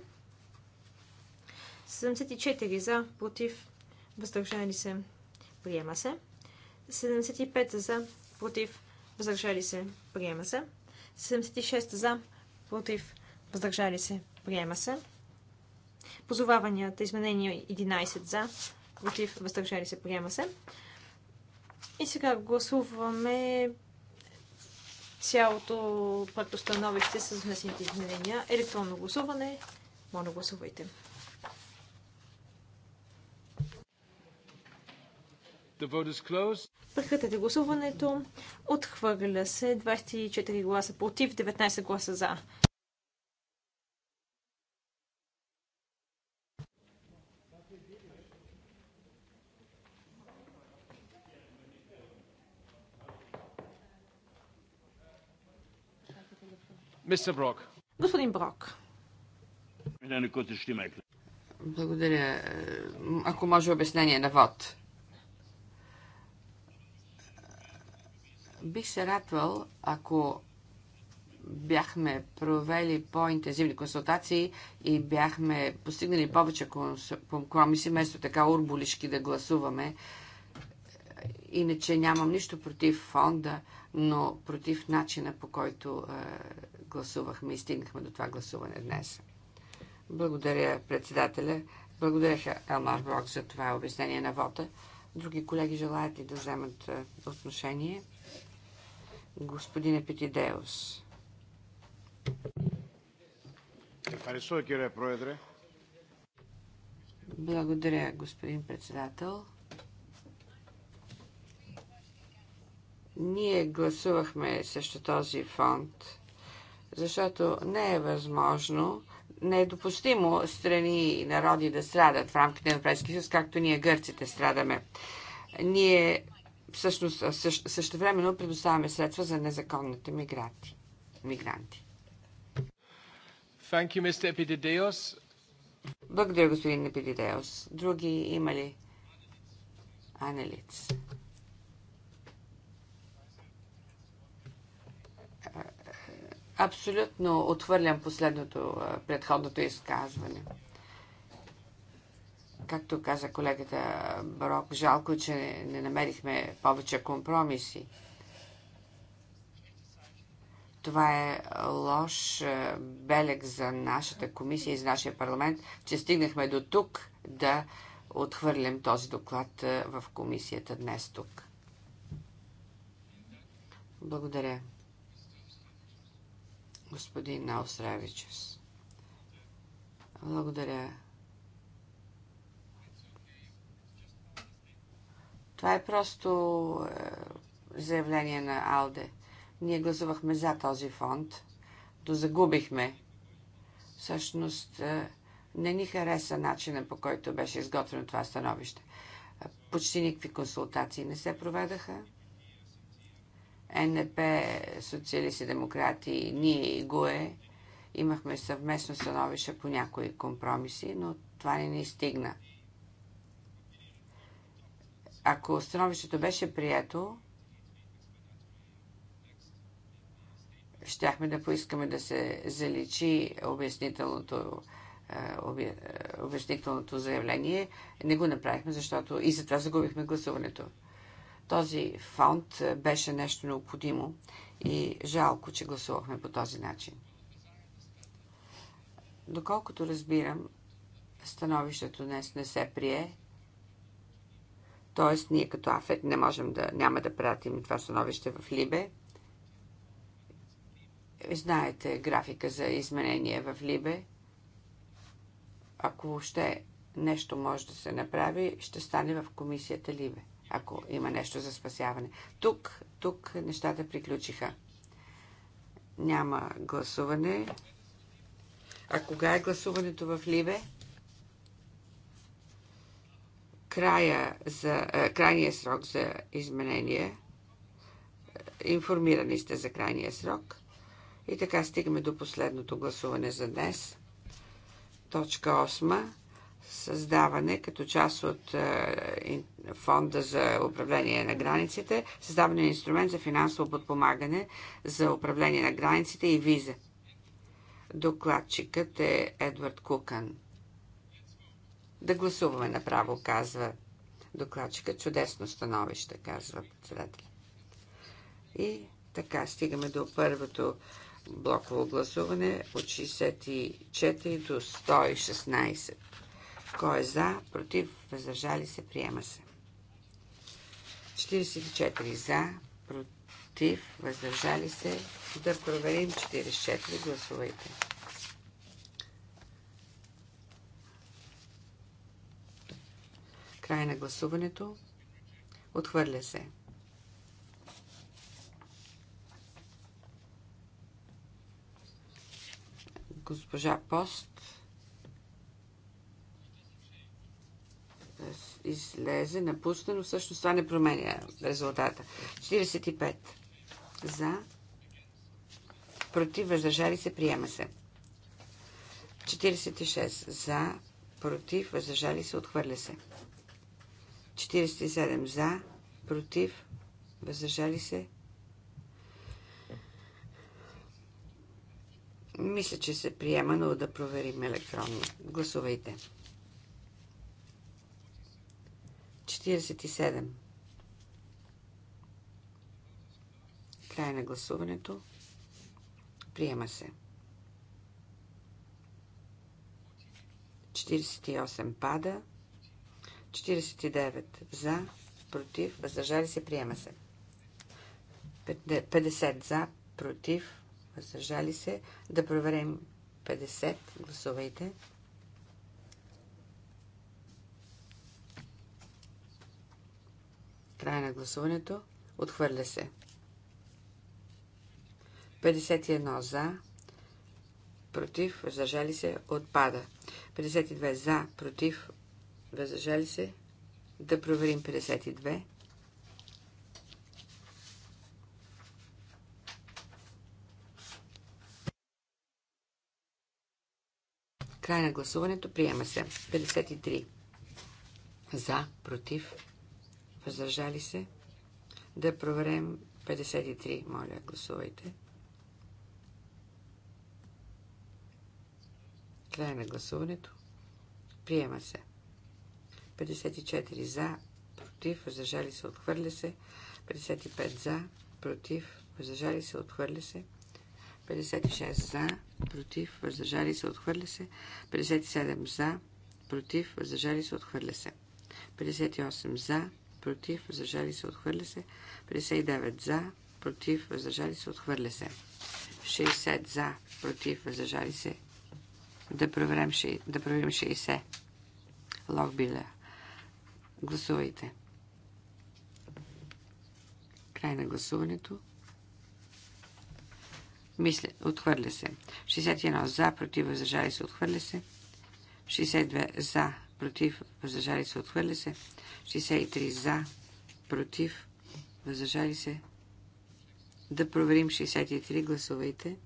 74 за, против, въздържали се. Приема се. 75 за, против, въздържали се. Приема се. 76 за, против, въздържали се. Приема се. Позоваванията, изменения 11 за, против, въздържали се, приема се. И сега гласуваме цялото проектостановище с внесените изменения. Електронно гласуване. Моля, гласувайте. Прекратете гласуването. Отхвърля се 24 гласа против, 19 гласа за.
Мистер Брок.
Господин Брок. Благодаря. Ако може обяснение на вод. Бих се радвал, ако бяхме провели по-интензивни консултации и бяхме постигнали повече компромиси, вместо така урболишки да гласуваме. Иначе нямам нищо против фонда, но против начина по който е, гласувахме и стигнахме до това гласуване днес. Благодаря председателя. Благодаря Елмар Брок за това обяснение на вота. Други колеги желаят ли да вземат е, отношение? Господин Епитидеус. Благодаря, господин председател. Ние гласувахме също този фонд защото не е възможно, не е допустимо страни и народи да страдат в рамките на Европейския съюз, както ние гърците страдаме. Ние всъщност същевременно предоставяме средства за незаконните мигранти. мигранти. Thank you, Mr. Благодаря, господин Епидидеос. Други има ли? Анелиц. Абсолютно отхвърлям последното, предходното изказване. Както каза колегата Барок, жалко, че не, не намерихме повече компромиси. Това е лош белег за нашата комисия и за нашия парламент, че стигнахме до тук да отхвърлям този доклад в комисията днес тук. Благодаря господин Равичус. Благодаря. Това е просто е, заявление на Алде. Ние гласувахме за този фонд. До загубихме. Всъщност е, не ни хареса начина по който беше изготвено това становище. Почти никакви консултации не се проведаха. НП, социалисти, демократи, ние и ГУЕ имахме съвместно становище по някои компромиси, но това не ни стигна. Ако становището беше прието, щяхме да поискаме да се заличи обяснителното, е, е, обяснителното заявление. Не го направихме, защото и затова загубихме гласуването. Този фонд е, беше нещо необходимо и жалко, че гласувахме по този начин. Доколкото разбирам, становището днес не се прие, т.е. ние като АФЕТ не можем да, няма да пратим това становище в Либе. Знаете графика за изменение в Либе. Ако въобще нещо може да се направи, ще стане в комисията Либе ако има нещо за спасяване. Тук, тук нещата приключиха. Няма гласуване. А кога е гласуването в Либе? Края за, а, е, крайния срок за изменение. Информирани сте за крайния срок. И така стигаме до последното гласуване за днес. Точка 8 създаване като част от е, фонда за управление на границите, създаване на инструмент за финансово подпомагане за управление на границите и виза. Докладчикът е Едвард Кукън. Да гласуваме направо, казва докладчика. Чудесно становище, казва председател. И така, стигаме до първото блоково гласуване от 64 до 116. Кой е за? Против? Въздържали се? Приема се. 44 за, против, въздържали се. Да проверим 44. Гласувайте. Край на гласуването. Отхвърля се. Госпожа Пост излезе напуснено, всъщност това не променя резултата. 45 за, против, въздържали се, приема се. 46 за, против, въздържали се, отхвърля се. 47 за, против, въздържали се. Мисля, че се приема, но да проверим електронно. Гласувайте. 47. Край на гласуването. Приема се. 48 пада. 49 за, против, въздържали се, приема се. 50 за, против, въздържали се. Да проверим 50. Гласувайте. Край на гласуването. Отхвърля се. 51 за, против, въздържали се, отпада. 52 за, против, въздържали се. Да проверим 52. Край на гласуването приема се. 53. За, против, Въздържали се? Да проверим 53. Моля, гласувайте. Край на гласуването. Приема се. 54 за, против, въздържали се, отхвърля се. 55 за, против, въздържали се, отхвърля се. 56 за, против, въздържали се, отхвърля се. 57 за, против, въздържали се, отхвърля се. 58 за, против, въздържали се, отхвърля се. 59 за, против, въздържали се, отхвърля се. 60 за, против, въздържали се. Да проверим, да проверим 60. Логбиля. Гласувайте. Край на гласуването. Мисля, отхвърля се. 61 за, против, въздържали се, отхвърля се. 62 за, против, въздържали се, отхвърля се. 63 за, против, въздържали се. Да проверим 63, гласувайте.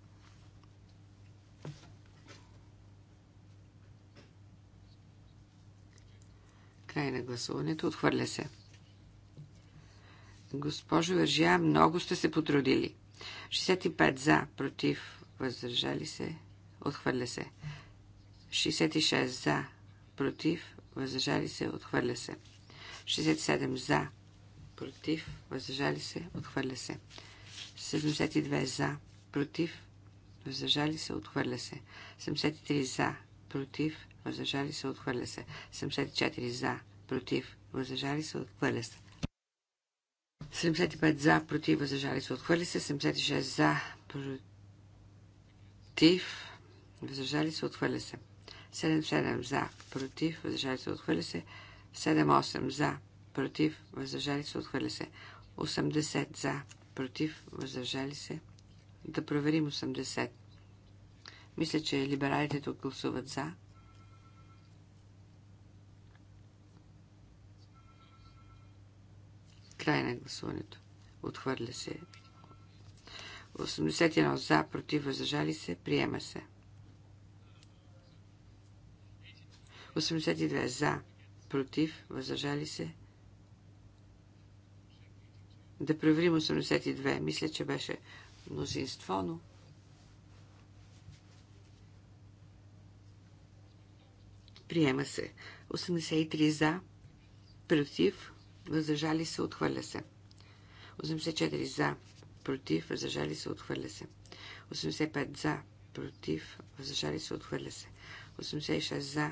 Край на гласуването, отхвърля се. Госпожо Вържия, много сте се потрудили. 65 за, против, въздържали се, отхвърля се. 66 за, против, въздържали се, отхвърля се. 67 за, против, въздържали се, отхвърля се. 72 за, против, въздържали се, отхвърля се. 73 за, против, въздържали се, отхвърля се. 74 за, против, въздържали се, отхвърля се. 75 за, против, въздържали се, отхвърли се. 76 за, против, въздържали се, отхвърля се. 7-7 за, против, въздържали се, отхвърля се. 7-8 за, против, въздържали се, отхвърля се. 80 за, против, въздържали се. Да проверим 80. Мисля, че либералите тук гласуват за. Край на гласуването. Отхвърля се. 81 за, против, въздържали се, приема се. 82 за, против, въздържали се. Да проверим 82. Мисля, че беше мнозинство, но... Приема се. 83 за, против, въздържали се, отхвърля се. 84 за, против, въздържали се, отхвърля се. 85 за, против, въздържали се, отхвърля се. 86 за,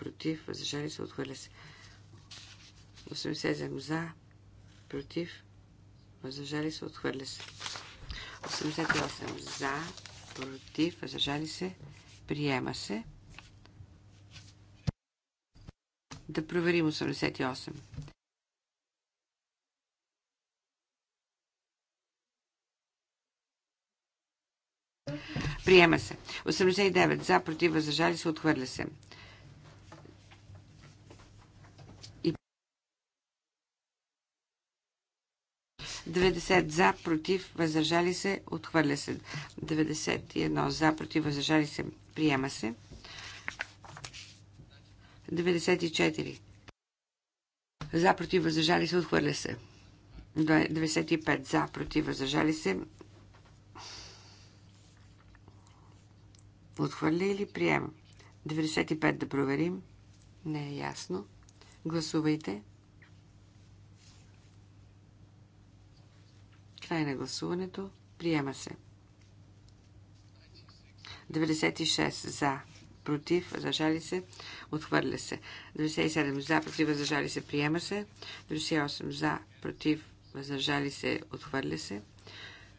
против, въздържали се, отхвърля се. 87 за, против, въздържали се, отхвърля се. 88 за, против, въздържали се, приема се. Да проверим 88. Приема се. 89 за, против, въздържали се, отхвърля се. 90 за, против, въздържали се, отхвърля се. 91 за, против, въздържали се, приема се. 94 за, против, въздържали се, отхвърля се. 95 за, против, въздържали се. Отхвърля или приема? 95 да проверим. Не е ясно. Гласувайте. Край на гласуването. Приема се. 96 за, против, зажали се, отхвърля се. 97 за, против, зажали се, приема се. 98 за, против, въздържали се, отхвърля се.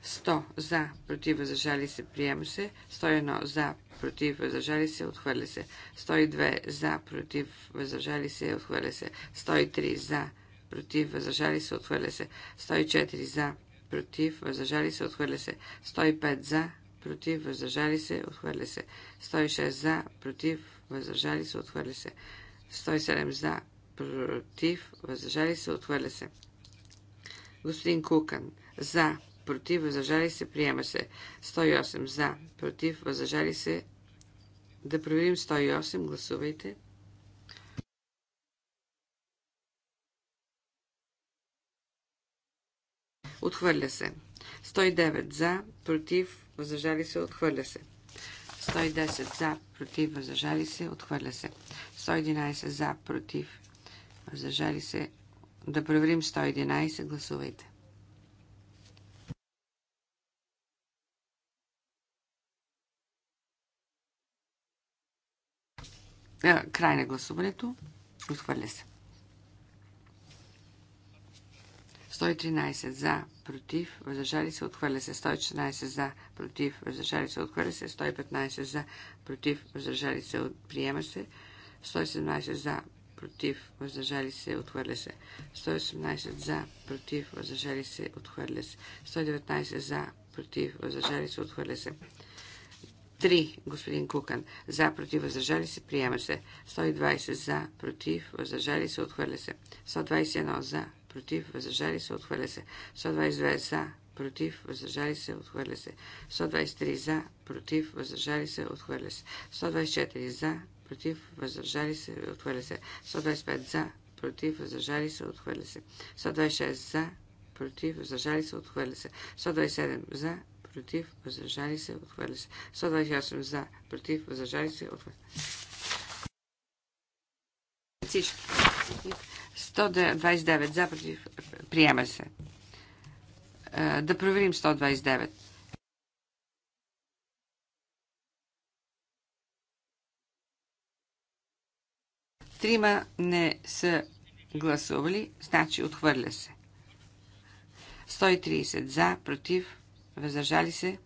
100 за, против, зажали се, приема се. 101 за, против, въздържали се, отхвърля се. 102 за, против, възържали се, отхвърля се. 103 за, против, възържали се, отхвърля се. 104 за, против, въздържали се, отхвърля се. 105 за, против, въздържали се, отхвърля се. 106 за, против, въздържали се, отхвърля се. 107 за, против, въздържали се, отхвърля се. Господин Кукан, за, против, въздържали се, приема се. 108 за, против, въздържали се. Да проверим 108, гласувайте. Отхвърля се. 109 за, против, въздържали се, отхвърля се. 110 за, против, въздържали се, отхвърля се. 111 за, против, въздържали се. Да проверим 111, гласувайте. Край на гласуването. Отхвърля се. 113 за, против, въздържали се, отхвърля се. 114 за, против, въздържали се, отхвърля се. 115 за, против, въздържали се, приема се. 117 за, против, въздържали се, отхвърля се. 118 за, против, въздържали се, отхвърля се. 119 за, против, въздържали се, отхвърля се. 3. Господин Кукан. За, против, въздържали се, приема се. 120. За, против, въздържали се, отхвърля се. 121. За, против, въздържали се, отхвърля се. 122 за, против, въздържали се, отхвърля се. 123 за, против, въздържали се, отхвърля се. 124 за, против, въздържали се, отхвърля се. 125 за, против, въздържали се, отхвърля се. 126 за, против, въздържали се, отхвърля се. 127 за, против, въздържали се, отхвърля се. 128 за, против, въздържали се, отхвърля се. Всички. 129 за, против, приема се. Да проверим 129. Трима не са гласували, значи отхвърля се. 130 за, против, въздържали се.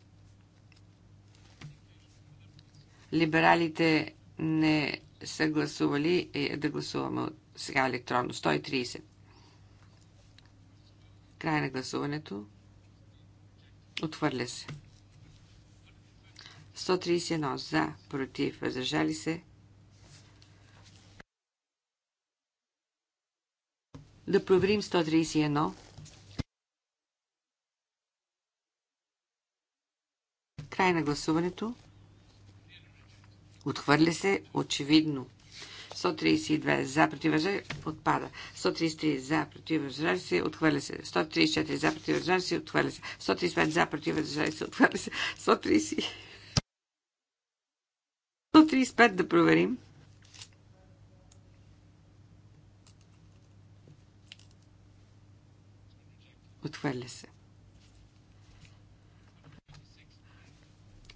Либералите не са гласували е, да гласуваме от сега електронно. 130. Край на гласуването. Отвърля се. 131 за, против, въздържали се. Да проверим 131. Край на гласуването. Отхвърля се очевидно. 132 за против въздържали се отпада. 133 за против въздържали се отхвърля се. 134 за против въздържали се отхвърля се. 135 за против въздържали се отхвърля се. 130 135 да проверим. Отхвърля се.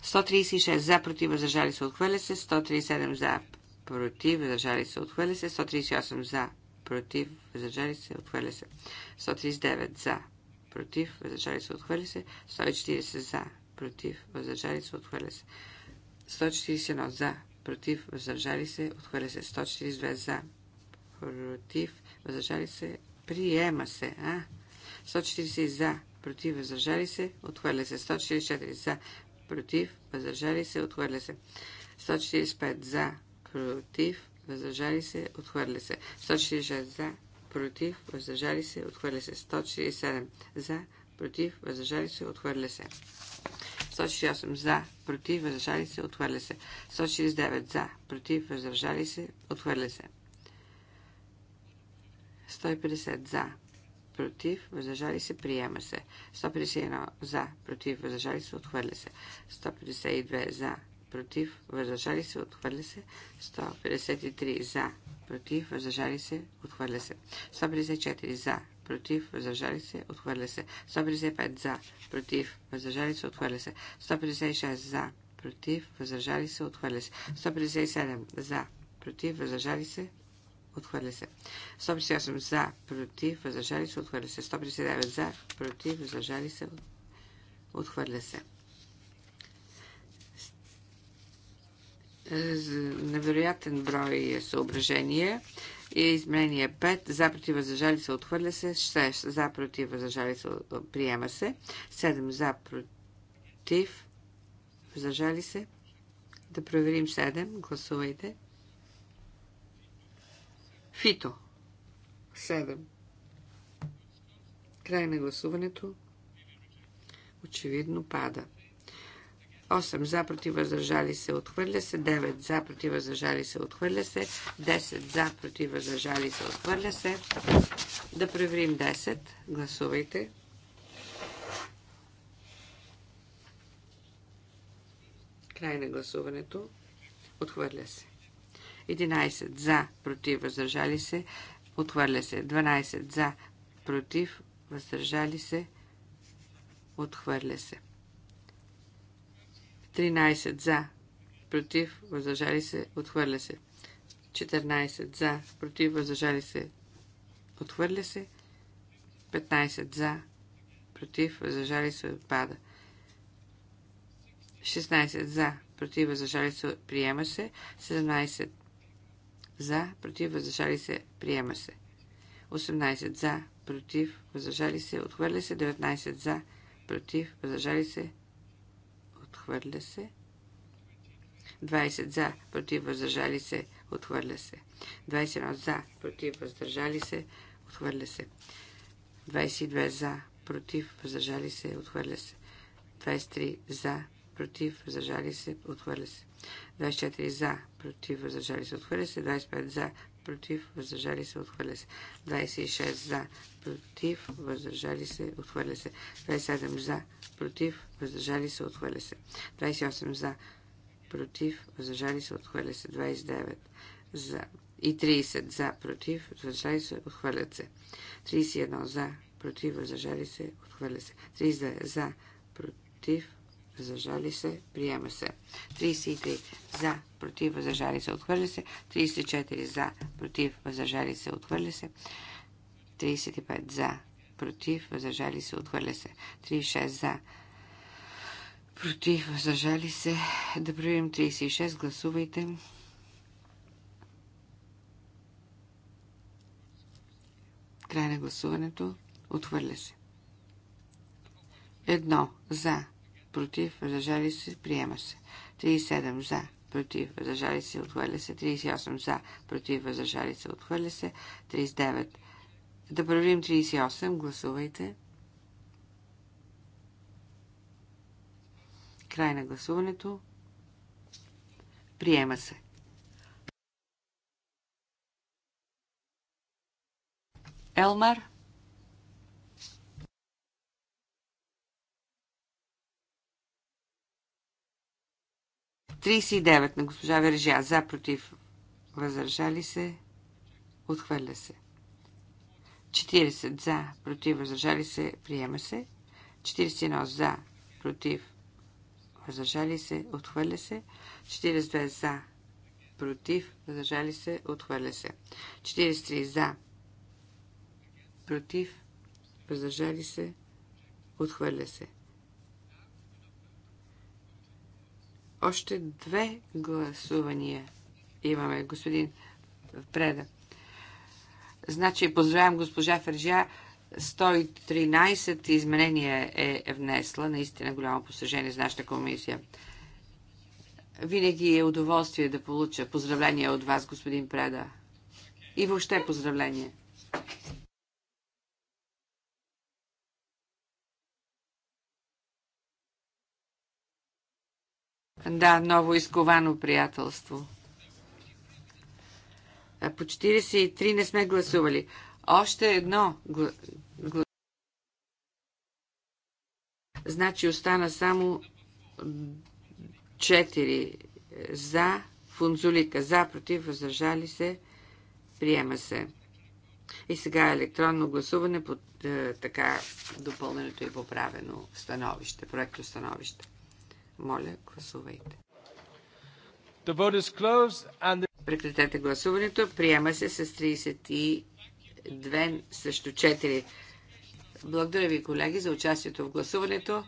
136 за против въздържали се отхвърля се. 137 за против, въздържали се, отхвърля се. 138 за, против, въздържали се, отхвърля се. 139 за, против, въздържали се, отхвърля се. 140 за, против, въздържали се, отхвърля се. 141 за, против, въздържали се, отхвърля се. 142 за, против, въздържали се, приема се. А? 140 за, против, въздържали се, отхвърля се. 144 за, против, въздържали се, отхвърля се. 145 за, против, въздържали се, отхвърля се. 146 за, против, въздържали се, отхвърля се. 147 за, против, въздържали се, отхвърля се. 168 за, против, въздържали се, отхвърля се. 169 за, против, въздържали се, отхвърля се. 150 за, против, въздържали се, приема се. 151 за, против, въздържали се, отхвърля се. 152 за, против, въздържали се, отхвърля се. 153 за, против, въздържали се, отхвърля се. 154 за, против, въздържали се, отхвърля се. 155 за, против, въздържали се, отхвърля се. 156 за, против, въздържали се, отхвърля се. 157 за, против, въздържали се, отхвърля се. 158 за, против, въздържали се, отхвърля се. 159 за, против, въздържали се, отхвърля се. невероятен брой съображения. И изменение 5. За против въздържали се отхвърля се. 6. За против въздържали се приема се. 7. За против въздържали се. Да проверим 7. Гласувайте. Фито. 7. Край на гласуването. Очевидно пада. 8 за против въздържали се отхвърля се, 9 за против въздържали се отхвърля се, 10 за против въздържали се отхвърля се. Да проверим 10. Гласувайте. Край на гласуването. Отхвърля се. 11 за против въздържали се. Отхвърля се. 12 за против въздържали се. Отхвърля се. 13 за, против, въздържали се, отхвърля се. 14 за, против, въздържали се, отхвърля се. 15 за, против, въздържали се, отпада. 16 за, против, въздържали се, приема се. 17 за, против, въздържали се, приема се. 18 за, против, въздържали се, отхвърля се. 19 за, против, въздържали се, отхвърля се. 20 за, против, въздържали се, отхвърля се. 21 за, против, въздържали се, отхвърля се. 22 за, против, въздържали се, отхвърля се. 23 за, против, въздържали се, отхвърля се. 24 за, против, въздържали се, отхвърля се. 25 за, против, въздържали се, отхвърля се. 26 за, против, въздържали се, отхвърля се. 27 за, против, въздържали се, отхвърля се. 28 за, против, въздържали се, отхвърля се. 29 за и 30 за, против, въздържали се, отхвърлят се. 31 за, против, въздържали се, отхвърля се. 32 за, против, въздържали се, приема се. 33 за, против, въздържали се, отхвърля се. 34 за, против, въздържали се, отхвърля се. 35 за, против, въздържали се, отхвърля се. 36 за, против, въздържали се. Да проверим 36, гласувайте. Край на гласуването, отхвърля се. Едно за, против, въздържали се, приема се. 37 за, против, въздържали се, отхвърля се. 38 за, против, въздържали се, отхвърля се. 39. Да проверим 38, гласувайте. Край на гласуването. Приема се. Елмар? 39 на госпожа Вержа. За, против, въздържали се, отхвърля се. 40 за, против, въздържали се, приема се. 41 за, против, въздържали се, отхвърля се. 42 за, против, въздържали се, отхвърля се. 43 за, против, въздържали се, отхвърля се. Още две гласувания имаме, господин Преда. Значи, поздравям госпожа Фержа. 113 изменения е внесла. Наистина голямо посъжение за нашата комисия. Винаги е удоволствие да получа поздравления от вас, господин Преда. И въобще поздравление. Да, ново изковано приятелство. А е, по 43 не сме гласували. Още едно. Гла... Значи остана само 4 за фунзулика. За, против, възражали се. Приема се. И сега електронно гласуване под е, така допълненото и поправено становище, проекто становище. Моля, гласувайте. And... Прекратете гласуването. Приема се с 32 срещу 4. Благодаря ви, колеги, за участието в гласуването.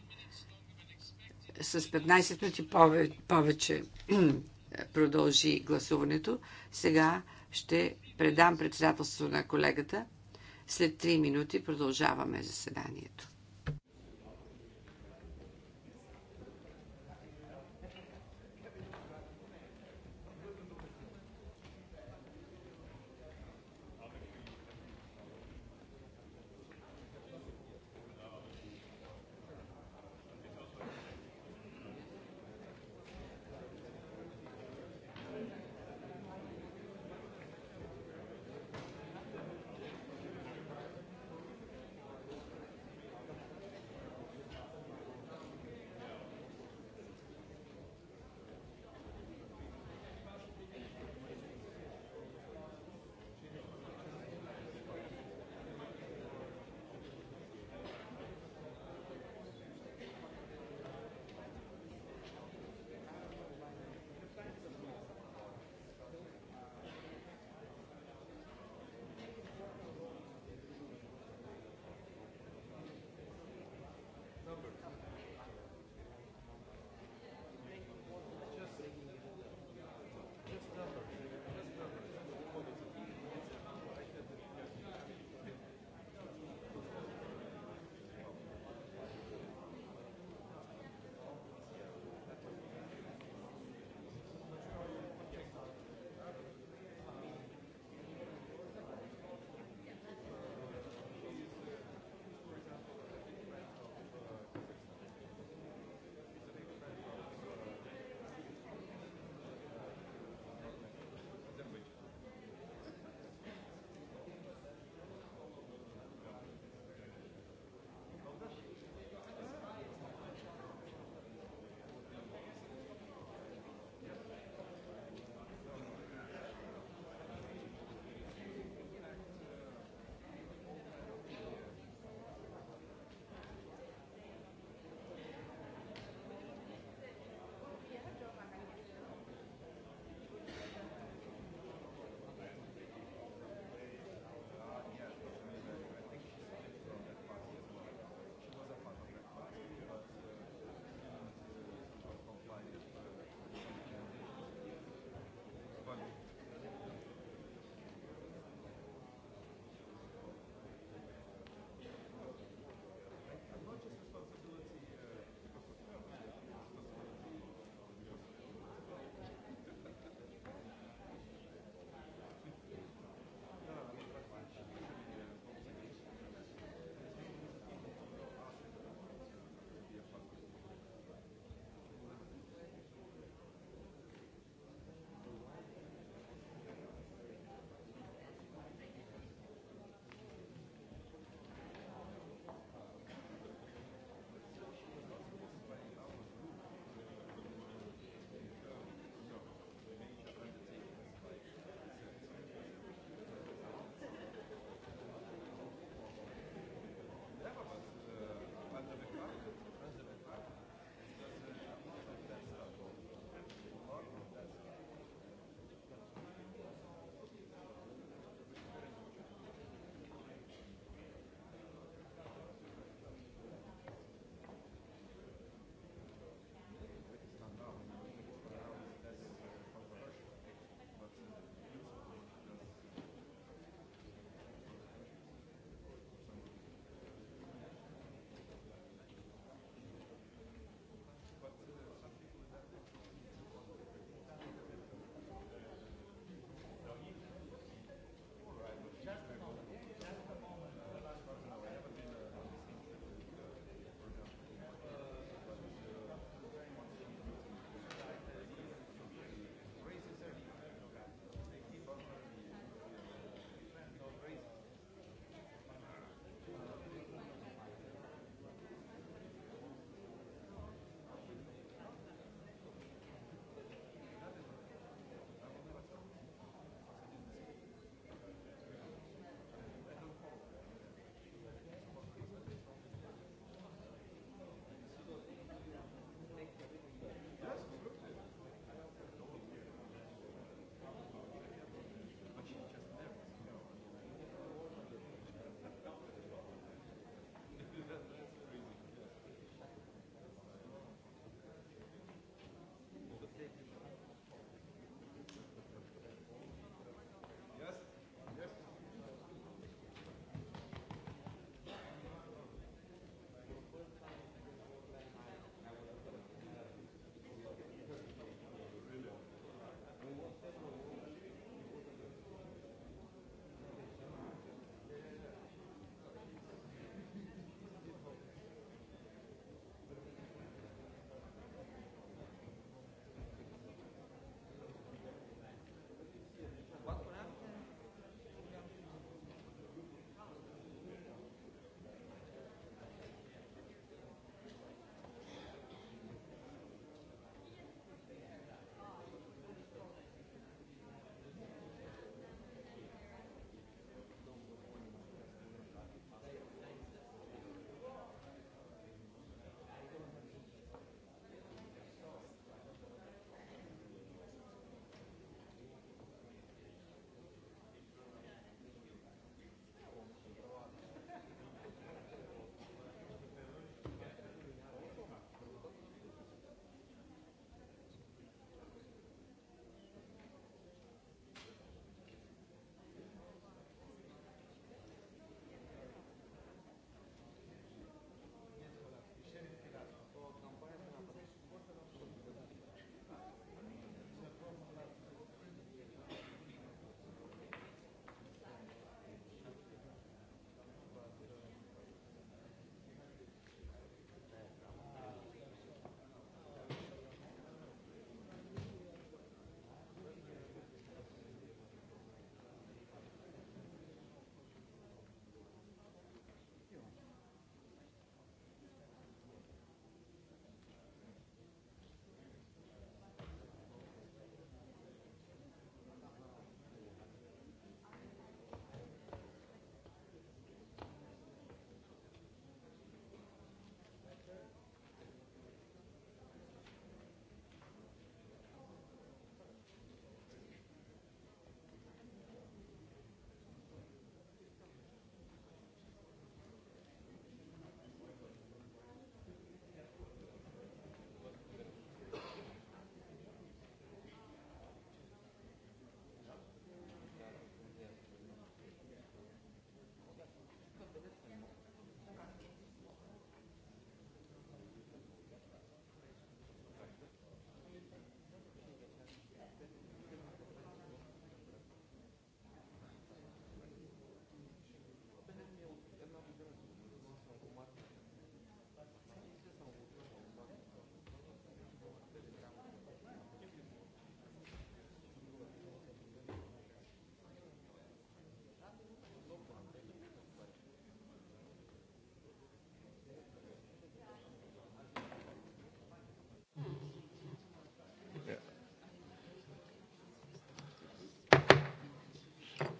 С 15 минути повече продължи гласуването. Сега ще предам председателство на колегата. След 3 минути продължаваме заседанието.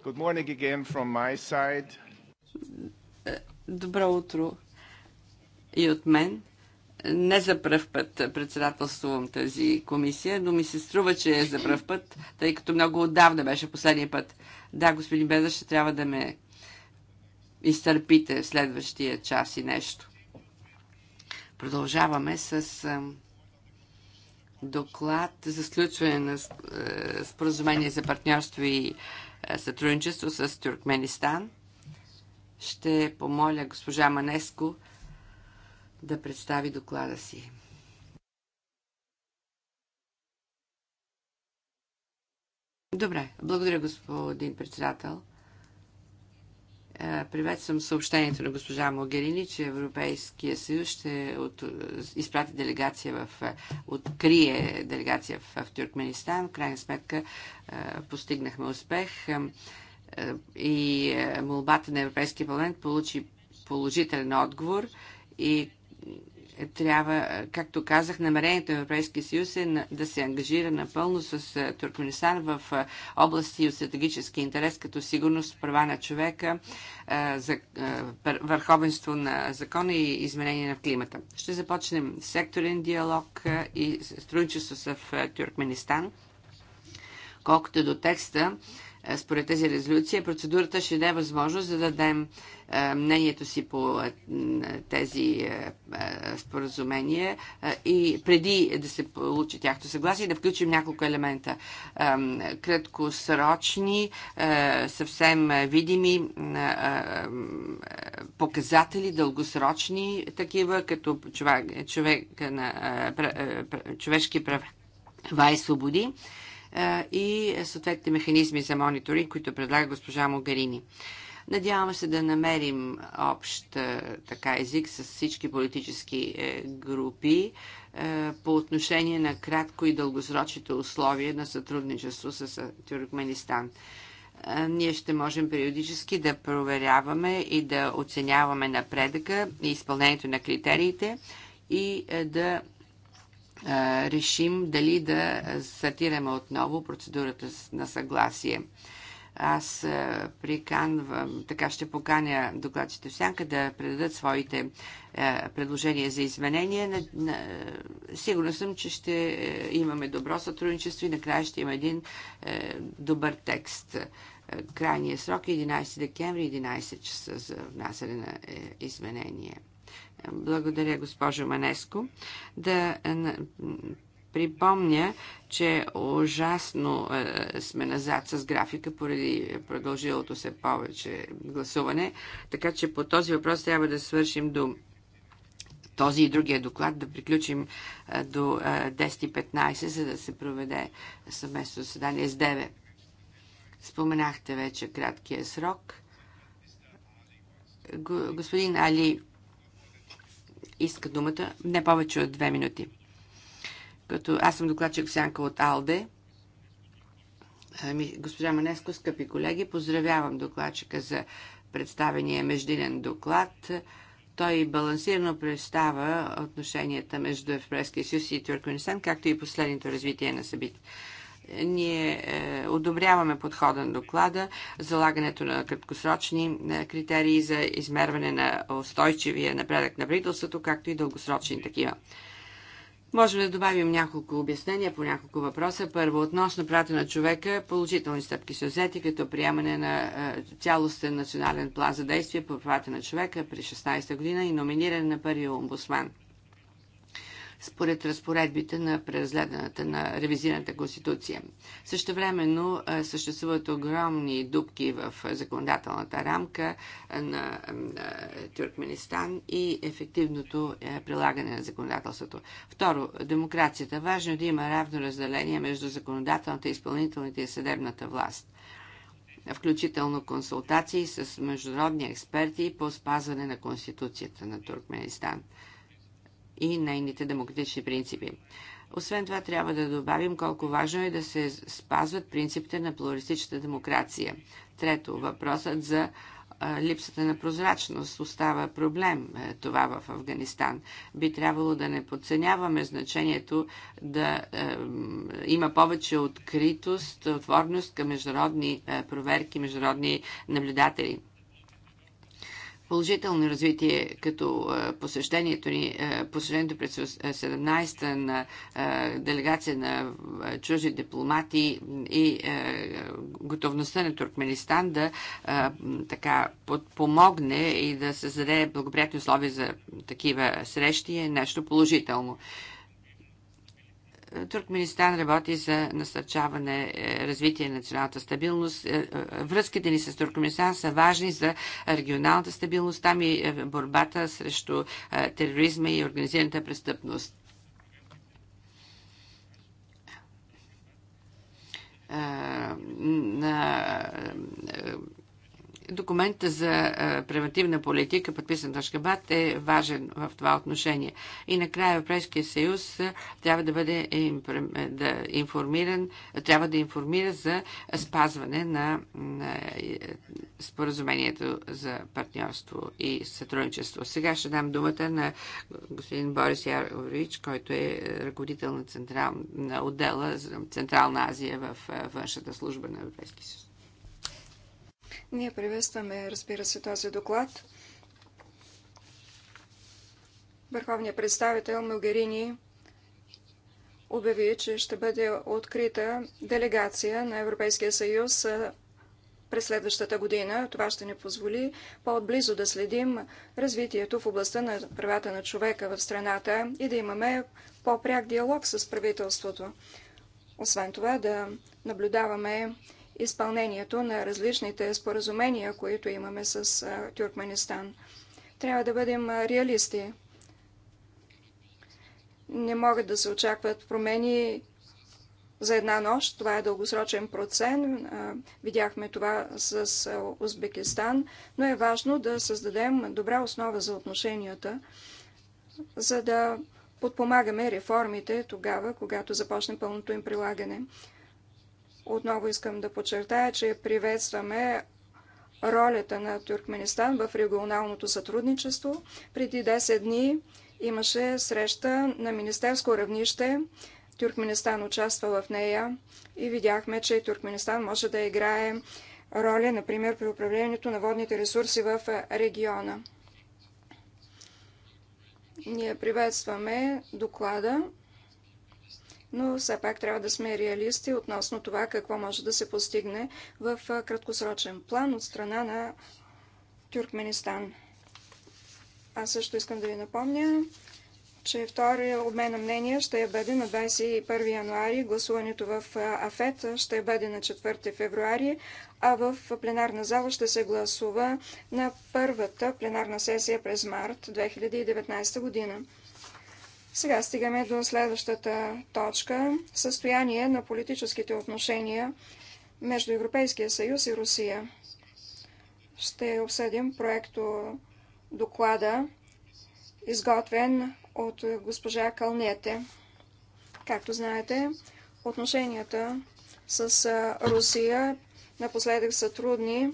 Good morning again from my side. Добро утро и от мен. Не за пръв път председателствувам тази комисия, но ми се струва, че е за пръв път, тъй като много отдавна беше последния път. Да, господин Беда, ще трябва да ме изтърпите в следващия час и нещо. Продължаваме с доклад за сключване на е, споразумение за партньорство и е, сътрудничество с Туркменистан. Ще помоля госпожа Манеско да представи доклада си. Добре, благодаря господин председател. Е, приветствам съобщението на госпожа Могерини, че Европейския съюз ще от, изпрати делегация в, е, открие делегация в, в Тюркменистан. В крайна сметка е, постигнахме успех и молбата на Европейския парламент получи положителен отговор и трябва, както казах, намерението на Европейския съюз е да се ангажира напълно с Туркменистан в области от стратегически интерес, като сигурност, права на човека, за върховенство на закона и изменение на климата. Ще започнем секторен диалог и сътрудничество с Тюркменистан. Колкото до текста, е, според тази резолюция, процедурата ще даде възможност да дадем е, мнението си по е, тези споразумения и преди да се получи тяхто съгласие, да включим няколко елемента. Краткосрочни, съвсем видими показатели, дългосрочни такива, като човек, човек на, човешки права и свободи и съответните механизми за мониторинг, които предлага госпожа Могарини. Надявам се да намерим общ така език с всички политически е, групи е, по отношение на кратко и дългосрочните условия на сътрудничество с Тюркменистан ние ще можем периодически да проверяваме и да оценяваме напредъка и изпълнението на критериите и е, да решим дали да стартираме отново процедурата на съгласие. Аз приканвам, така ще поканя докладчите в сянка да предадат своите предложения за изменения. Сигурна съм, че ще имаме добро сътрудничество и накрая ще има един добър текст. Крайният срок е 11 декември, 11 часа за внасяне на е, изменения. Благодаря, госпожо Манеско. Да припомня, че ужасно е, сме назад с графика поради продължилото се повече гласуване, така че по този въпрос трябва да свършим до този и другия доклад, да приключим е, до 10.15, е, за да се проведе съвместно заседание с 9. Споменахте вече краткия срок. господин Али иска думата не повече от две минути. Като аз съм докладчик Сянка от Алде. Ами, госпожа Манеско, скъпи колеги, поздравявам докладчика за представения междинен доклад. Той балансирано представа отношенията между Европейския съюз и Туркменистан, както и последното развитие на събитието ние е, одобряваме подхода на доклада, залагането на краткосрочни е, критерии за измерване на устойчивия напредък на правителството, както и дългосрочни такива. Можем да добавим няколко обяснения по няколко въпроса. Първо, относно правата на човека, положителни стъпки са взети, като приемане на е, цялостен национален план за действие по правата на човека през 16-та година и номиниране на първи омбусман – според разпоредбите на преразгледаната на ревизираната конституция. Също времено съществуват огромни дупки в законодателната рамка на Тюркменистан и ефективното прилагане на законодателството. Второ, демокрацията. Важно е да има равно разделение между законодателната, изпълнителната и съдебната власт включително консултации с международни експерти по спазване на Конституцията на Туркменистан и нейните демократични принципи. Освен това, трябва да добавим колко важно е да се спазват принципите на плуралистичната демокрация. Трето, въпросът за липсата на прозрачност остава проблем това в Афганистан. Би трябвало да не подценяваме значението да е, има повече откритост, отворност към международни проверки, международни наблюдатели положително развитие, като посещението ни, посещението през 17-та на делегация на чужди дипломати и готовността на Туркменистан да така подпомогне и да създаде благоприятни условия за такива срещи е нещо положително. Туркменистан работи за насърчаване е, развитие на националната стабилност. Е, е, връзките ни с Туркменистан са важни за регионалната стабилност, там и борбата срещу тероризма и организираната престъпност. на Документа за превентивна политика, подписан на шкабат е важен в това отношение. И накрая Европейския съюз трябва да бъде да информиран, трябва да информира за спазване на споразумението за партньорство и сътрудничество. Сега ще дам думата на господин Борис Ярович, който е ръководител на, централ, на отдела за Централна Азия в външната служба на Европейския съюз. Ние
приветстваме, разбира се, този доклад. Върховният представител Могерини обяви, че ще бъде открита делегация на Европейския съюз през следващата година. Това ще ни позволи по-отблизо да следим развитието в областта на правата на човека в страната и да имаме по-пряк диалог с правителството. Освен това да наблюдаваме изпълнението на различните споразумения, които имаме с Тюркменистан. Трябва да бъдем реалисти. Не могат да се очакват промени за една нощ. Това е дългосрочен процес. Видяхме това с Узбекистан, но е важно да създадем добра основа за отношенията, за да подпомагаме реформите тогава, когато започне пълното им прилагане. Отново искам да подчертая, че приветстваме ролята на Туркменистан в регионалното сътрудничество. Преди 10 дни имаше среща на министерско равнище. Туркменистан участва в нея и видяхме, че Туркменистан може да играе роля, например, при управлението на водните ресурси в региона. Ние приветстваме доклада но все пак трябва да сме реалисти относно това какво може да се постигне в краткосрочен план от страна на Тюркменистан. Аз също искам да ви напомня, че втория обмен на мнение ще бъде на 21 януари, гласуването в АФЕТ ще бъде на 4 февруари, а в пленарна зала ще се гласува на първата пленарна сесия през март 2019 година. Сега стигаме до следващата точка – състояние на политическите отношения между Европейския съюз и Русия. Ще обсъдим проекто доклада, изготвен от госпожа Калнете. Както знаете, отношенията с Русия напоследък са трудни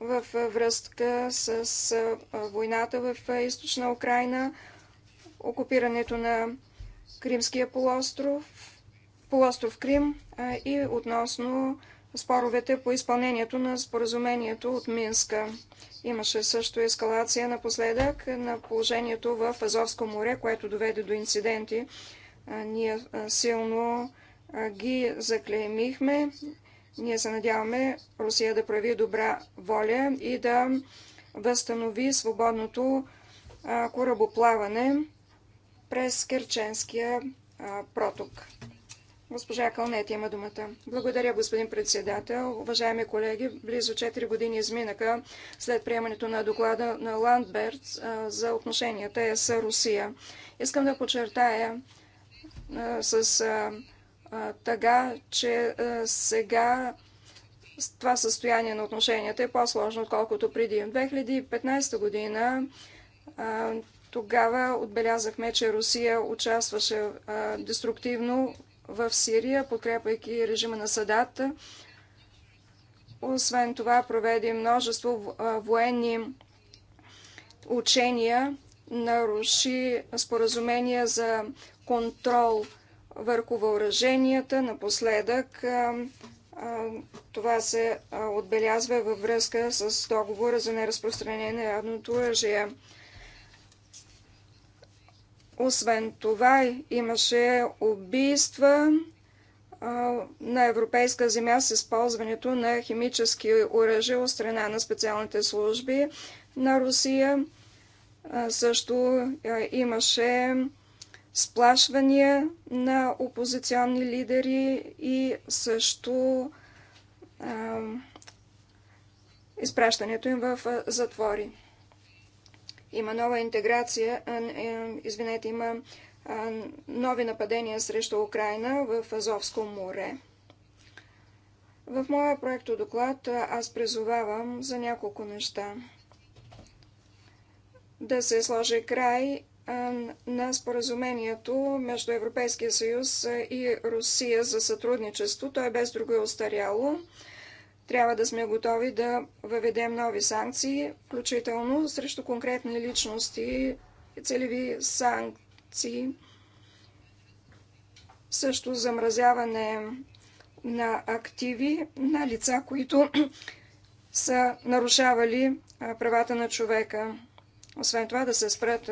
в връзка с войната в източна Украина, окупирането на Кримския полуостров, полуостров Крим и относно споровете по изпълнението на споразумението от Минска. Имаше също ескалация напоследък на положението в Азовско море, което доведе до инциденти. Ние силно ги заклеймихме. Ние се надяваме Русия да прави добра воля и да възстанови свободното корабоплаване през Керченския проток. Госпожа Кълнети има думата. Благодаря, господин председател. Уважаеми колеги, близо 4 години изминаха след приемането на доклада на Ландберт за отношенията е с Русия. Искам да подчертая с тъга, че сега това състояние на отношенията е по-сложно, отколкото преди. В 2015 година тогава отбелязахме, че Русия участваше а, деструктивно в Сирия, подкрепайки режима на Садат. Освен това, проведе множество военни учения, наруши споразумения за контрол върху въоръженията. Напоследък а, а, това се отбелязва във връзка с договора за неразпространение на ядното оръжие. Освен това имаше убийства на европейска земя с използването на химически оръжия от страна на специалните служби на Русия. също имаше сплашвания на опозиционни лидери и също изпращането им в затвори. Има нова интеграция, е, извинете, има нови нападения срещу Украина в Азовско море. В моя проекто доклад аз призовавам за няколко неща. Да се сложи край на споразумението между Европейския съюз и Русия за сътрудничество. Той е без друго е устаряло трябва да сме готови да въведем нови санкции, включително срещу конкретни личности и целеви санкции. Също замразяване на активи на лица, които са нарушавали правата на човека. Освен това да се спрат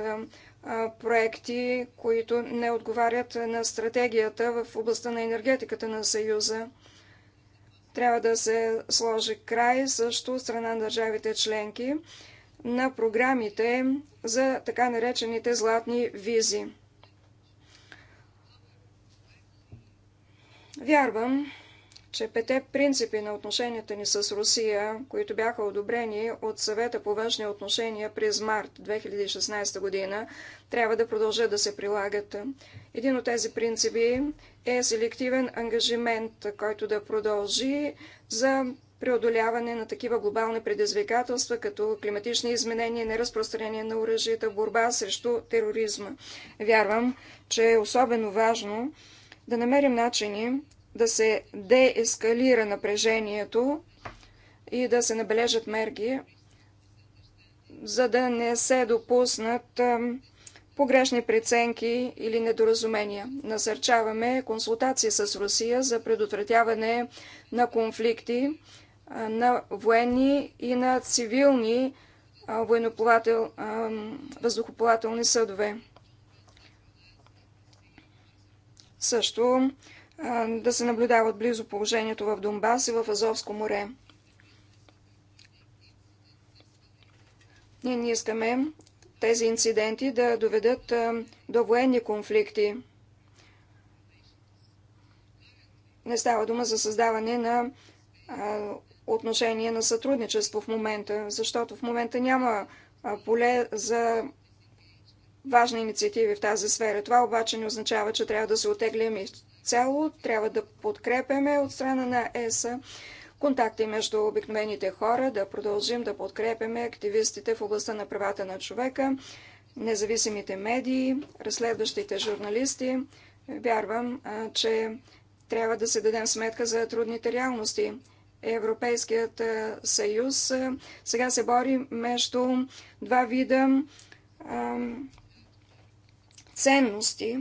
проекти, които не отговарят на стратегията в областта на енергетиката на Съюза. Трябва да се сложи край също от страна на държавите членки на програмите за така наречените златни визи. Вярвам, че пете принципи на отношенията ни с Русия, които бяха одобрени от съвета по външни отношения през март 2016 година, трябва да продължат да се прилагат. Един от тези принципи е селективен ангажимент, който да продължи за преодоляване на такива глобални предизвикателства, като климатични изменения, неразпространение на оръжията, борба срещу тероризма. Вярвам, че е особено важно да намерим начини да се деескалира напрежението и да се набележат мерки, за да не се допуснат погрешни преценки или недоразумения. Насърчаваме консултации с Русия за предотвратяване на конфликти на военни и на цивилни въздухоплавателни съдове. Също да се наблюдава близо положението в Донбас и в Азовско море. Ние не искаме тези инциденти да доведат до военни конфликти. Не става дума за създаване на отношение на сътрудничество в момента, защото в момента няма поле за важни инициативи в тази сфера. Това обаче не означава, че трябва да се отеглим цяло трябва да подкрепяме от страна на ЕСА контакти между обикновените хора, да продължим да подкрепяме активистите в областта на правата на човека, независимите медии, разследващите журналисти. Вярвам, че трябва да се дадем сметка за трудните реалности. Европейският съюз сега се бори между два вида ценности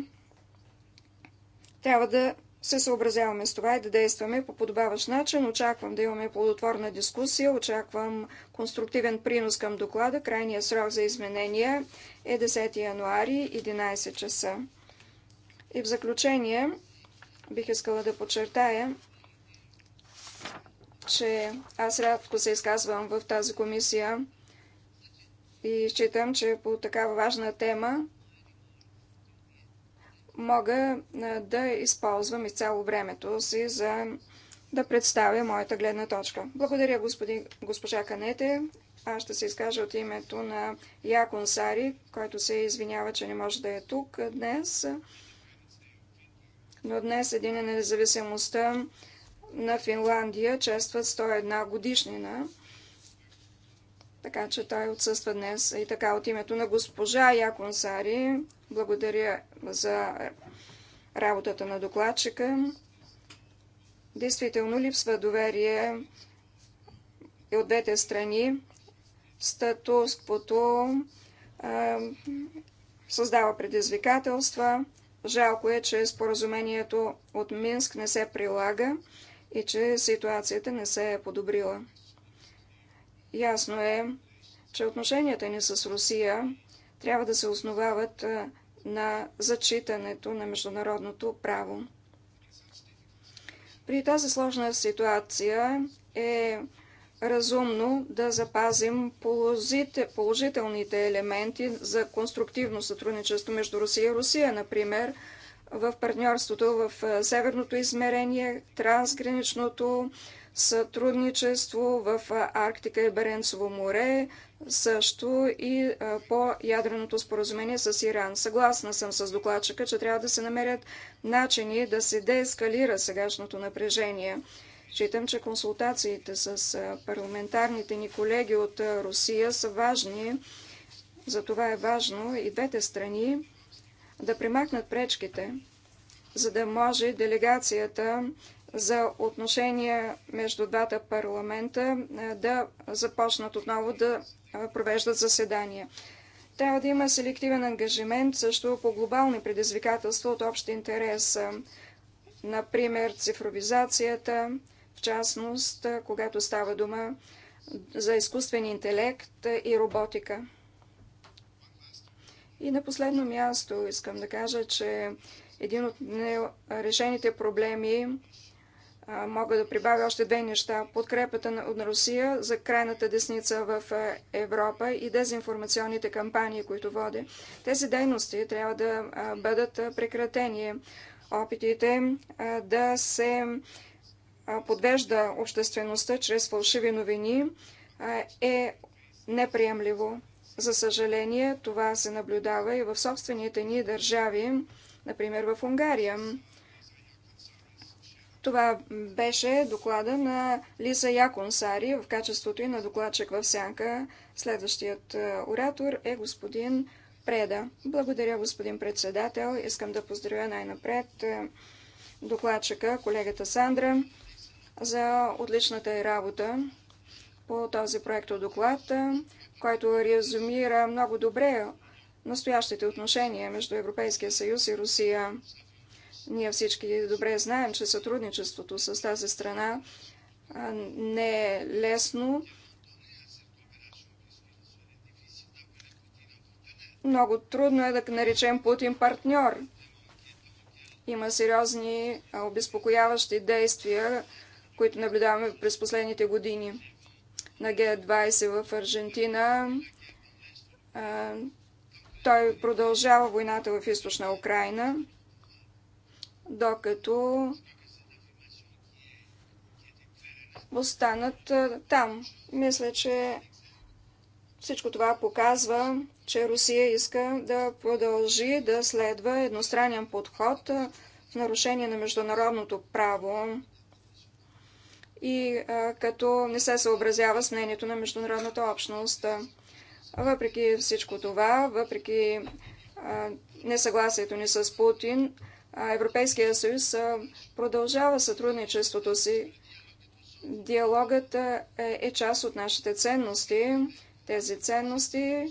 трябва да се съобразяваме с това и да действаме по подобаващ начин. Очаквам да имаме плодотворна дискусия, очаквам конструктивен принос към доклада. Крайният срок за изменения е 10 януари, 11 часа. И в заключение бих искала да подчертая, че аз рядко се изказвам в тази комисия и считам, че по такава важна тема мога да използвам изцяло времето си за да представя моята гледна точка. Благодаря господин, госпожа Канете. Аз ще се изкажа от името на Якон Сари, който се извинява, че не може да е тук днес. Но днес един на независимостта на Финландия честват 101 годишнина. Така че той отсъства днес. И така от името на госпожа Якон Сари благодаря за работата на докладчика. Действително липсва доверие и от двете страни. Статусквото е, създава предизвикателства. Жалко е, че споразумението от Минск не се прилага и че ситуацията не се е подобрила. Ясно е, че отношенията ни с Русия трябва да се основават на зачитането на международното право. При тази сложна ситуация е разумно да запазим положителните елементи за конструктивно сътрудничество между Русия и Русия, например, в партньорството в северното измерение, трансграничното сътрудничество в Арктика и Баренцево море, също и по ядреното споразумение с Иран. Съгласна съм с докладчика, че трябва да се намерят начини да се деескалира сегашното напрежение. Считам, че консултациите с парламентарните ни колеги от Русия са важни. Затова е важно и двете страни да примахнат пречките, за да може делегацията за отношения между двата парламента да започнат отново да провеждат заседания. Трябва да има селективен ангажимент също по глобални предизвикателства от общ интерес, например цифровизацията, в частност, когато става дума за изкуствен интелект и роботика. И на последно място искам да кажа, че един от решените проблеми мога да прибавя още две неща. Подкрепата на Русия за крайната десница в Европа и дезинформационните кампании, които води. Тези дейности трябва да бъдат прекратени. Опитите да се подвежда обществеността чрез фалшиви новини е неприемливо. За съжаление, това се наблюдава и в собствените ни държави, например в Унгария. Това беше доклада на Лиза Яконсари в качеството и на докладчик в сянка. Следващият е, оратор е господин Преда. Благодаря, господин председател. Искам да поздравя най-напред е, докладчика, колегата Сандра, за отличната й работа по този проект от доклад, е, който резюмира много добре настоящите отношения между Европейския съюз и Русия. Ние всички добре знаем, че сътрудничеството с тази страна не е лесно. Много трудно е да наречем Путин партньор. Има сериозни обезпокояващи действия, които наблюдаваме през последните години. На Г-20 в Аржентина той продължава войната в източна Украина докато останат там. Мисля, че всичко това показва, че Русия иска да продължи да следва едностранен подход в нарушение на международното право и а, като не се съобразява с мнението на международната общност. Въпреки всичко това, въпреки а, несъгласието ни с Путин, Европейския съюз продължава сътрудничеството си. Диалогът е, е част от нашите ценности. Тези ценности,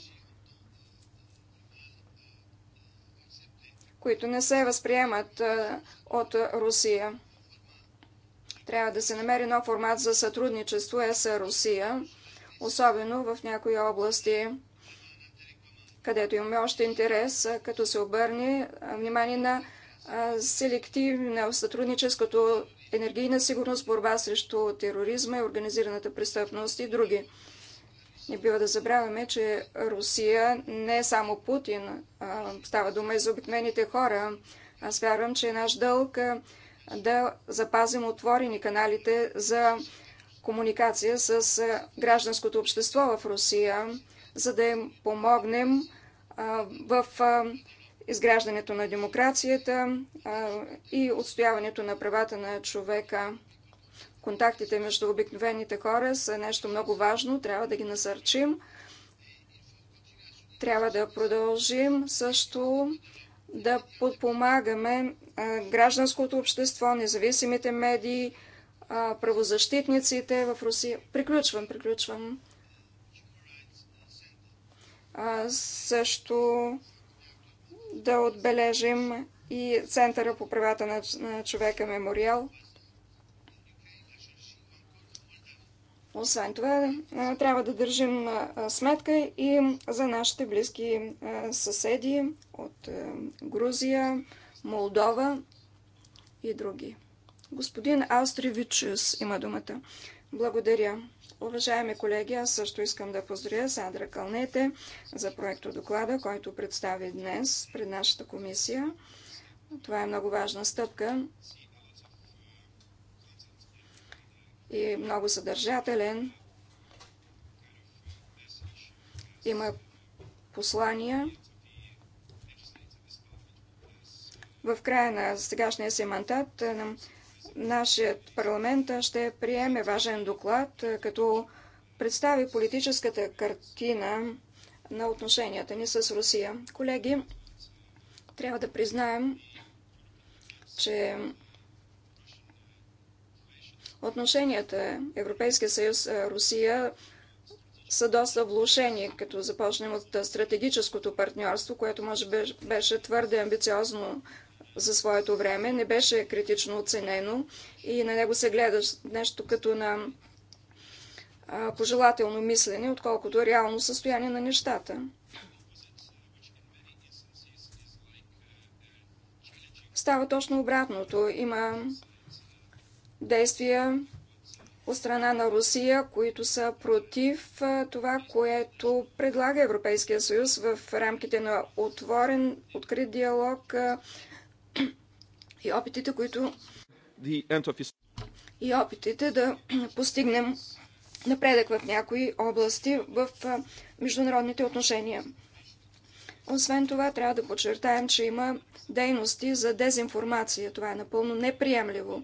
които не се възприемат от Русия. Трябва да се намери нов формат за сътрудничество е, с русия особено в някои области където имаме още интерес, като се обърне внимание на селективно сътрудничеството, енергийна сигурност, борба срещу тероризма и организираната престъпност и други. Не бива да забравяме, че Русия не е само Путин. Става дума и за обикновените хора. Аз вярвам, че е наш дълг да запазим отворени каналите за комуникация с гражданското общество в Русия, за да им помогнем в изграждането на демокрацията и отстояването на правата на човека. Контактите между обикновените хора са нещо много важно, трябва да ги насърчим. Трябва да продължим също да подпомагаме гражданското общество, независимите медии, правозащитниците в Русия. Приключвам, приключвам. Също да отбележим и Центъра по правата на, човека Мемориал. Освен това, трябва да държим сметка и за нашите близки съседи от Грузия, Молдова и други. Господин Астревичус има думата. Благодаря. Уважаеми колеги, аз също искам да поздравя Сандра Кълнете за проекто доклада, който представи днес пред нашата комисия. Това е много важна стъпка и много съдържателен. Има послания. В края на сегашния си мандат е, Нашият парламент ще приеме важен доклад, е, като представи политическата картина на отношенията ни с Русия. Колеги, трябва да признаем, че отношенията Европейския съюз-Русия е, са доста влушени, като започнем от е, стратегическото партньорство, което може би беше твърде амбициозно за своето време, не беше критично оценено и на него се гледа нещо като на пожелателно мислене, отколкото реално състояние на нещата. Става точно обратното. Има действия от страна на Русия, които са против това, което предлага Европейския съюз в рамките на отворен, открит диалог и опитите, които и опитите да постигнем напредък в някои области в международните отношения. Освен това, трябва да подчертаем, че има дейности за дезинформация. Това е напълно неприемливо.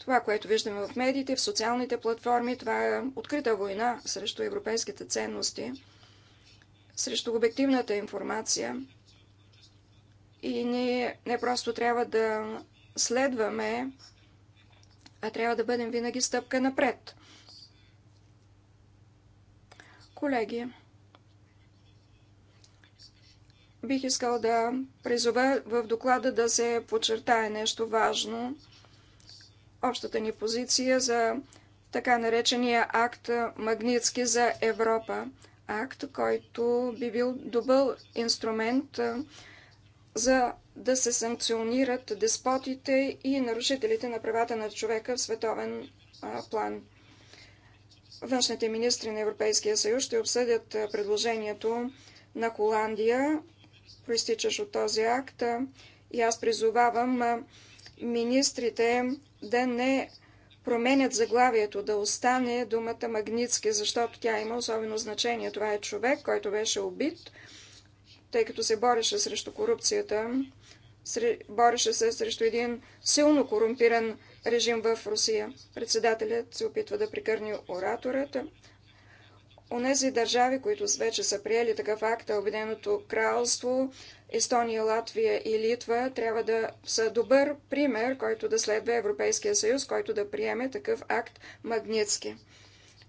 Това, което виждаме в медиите, в социалните платформи, това е открита война срещу европейските ценности, срещу обективната информация – и ние не просто трябва да следваме, а трябва да бъдем винаги стъпка напред. Колеги, бих искал да призова в доклада да се подчертае нещо важно. Общата ни позиция за така наречения акт Магнитски за Европа. Акт, който би бил добър инструмент, за да се санкционират деспотите и нарушителите на правата на човека в световен план. Външните министри на Европейския съюз ще обсъдят предложението на Холандия, проистичаш от този акт. И аз призовавам министрите да не променят заглавието, да остане думата Магницки, защото тя има особено значение. Това е човек, който беше убит тъй като се бореше срещу корупцията, бореше се срещу един силно корумпиран режим в Русия. Председателят се опитва да прикърни оратората. Онези държави, които вече са приели такъв акт, Обединеното кралство, Естония, Латвия и Литва, трябва да са добър пример, който да следва Европейския съюз, който да приеме такъв акт магнитски.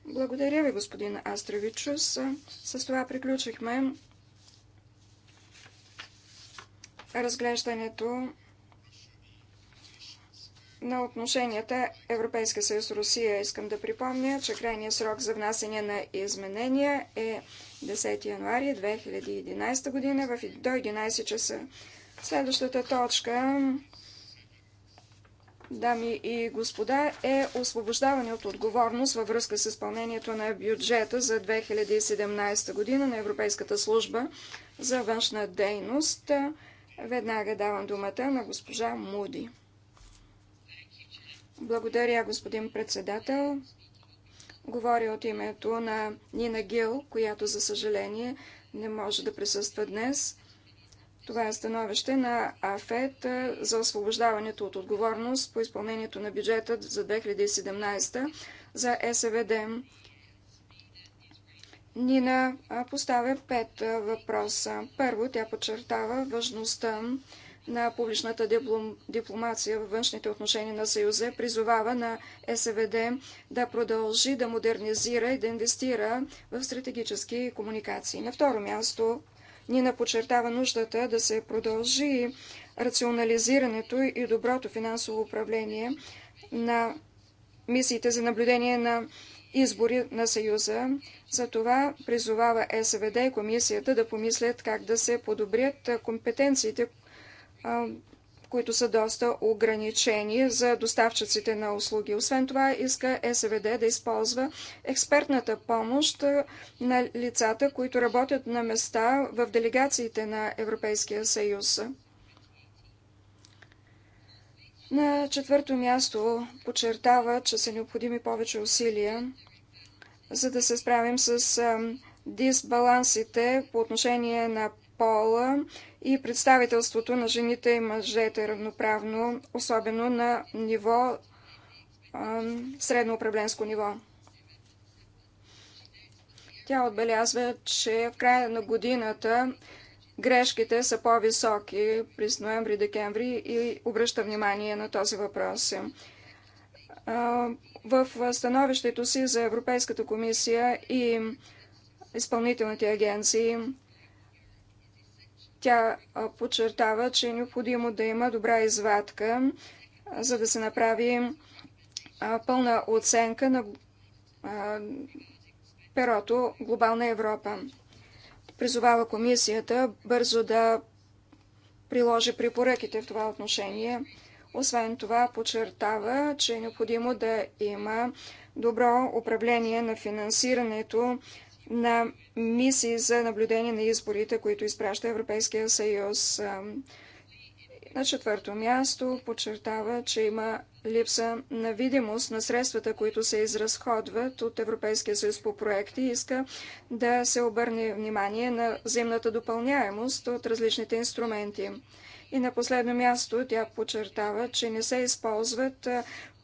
Благодаря ви, господин Астровичус. С това приключихме разглеждането на отношенията Европейска съюз Русия. Искам да припомня, че крайният срок за внасяне на изменения е 10 януари 2011 година в до 11 часа. Следващата точка, дами и господа, е освобождаване от отговорност във връзка с изпълнението на бюджета за 2017 година на Европейската служба за външна дейност. Веднага давам думата на госпожа Муди. Благодаря, господин председател. Говоря от името на Нина Гил, която, за съжаление, не може да присъства днес. Това е становище на АФЕД за освобождаването от отговорност по изпълнението на бюджета за 2017 за СВД. Нина поставя пет въпроса. Първо, тя подчертава важността на публичната дипломация във външните отношения на Съюза, призовава на СВД да продължи да модернизира и да инвестира в стратегически комуникации. На второ място, Нина подчертава нуждата да се продължи рационализирането и доброто финансово управление на мисиите за наблюдение на избори на Съюза. Затова призовава СВД и комисията да помислят как да се подобрят компетенциите, които са доста ограничени за доставчиците на услуги. Освен това, иска СВД да използва експертната помощ на лицата, които работят на места в делегациите на Европейския съюз. На четвърто място подчертава, че са необходими повече усилия, за да се справим с дисбалансите по отношение на пола и представителството на жените и мъжете равноправно, особено на ниво средно управленско ниво. Тя отбелязва, че в края на годината грешките са по-високи през ноември-декември и обръща внимание на този въпрос. В становището си за Европейската комисия и изпълнителните агенции тя подчертава, че е необходимо да има добра извадка, за да се направи пълна оценка на перото Глобална Европа призовава комисията бързо да приложи препоръките в това отношение. Освен това, подчертава, че е необходимо да има добро управление на финансирането на мисии за наблюдение на изборите, които изпраща Европейския съюз. На четвърто място подчертава, че има липса на видимост на средствата, които се изразходват от Европейския съюз по проекти. Иска да се обърне внимание на взаимната допълняемост от различните инструменти. И на последно място тя подчертава, че не се използват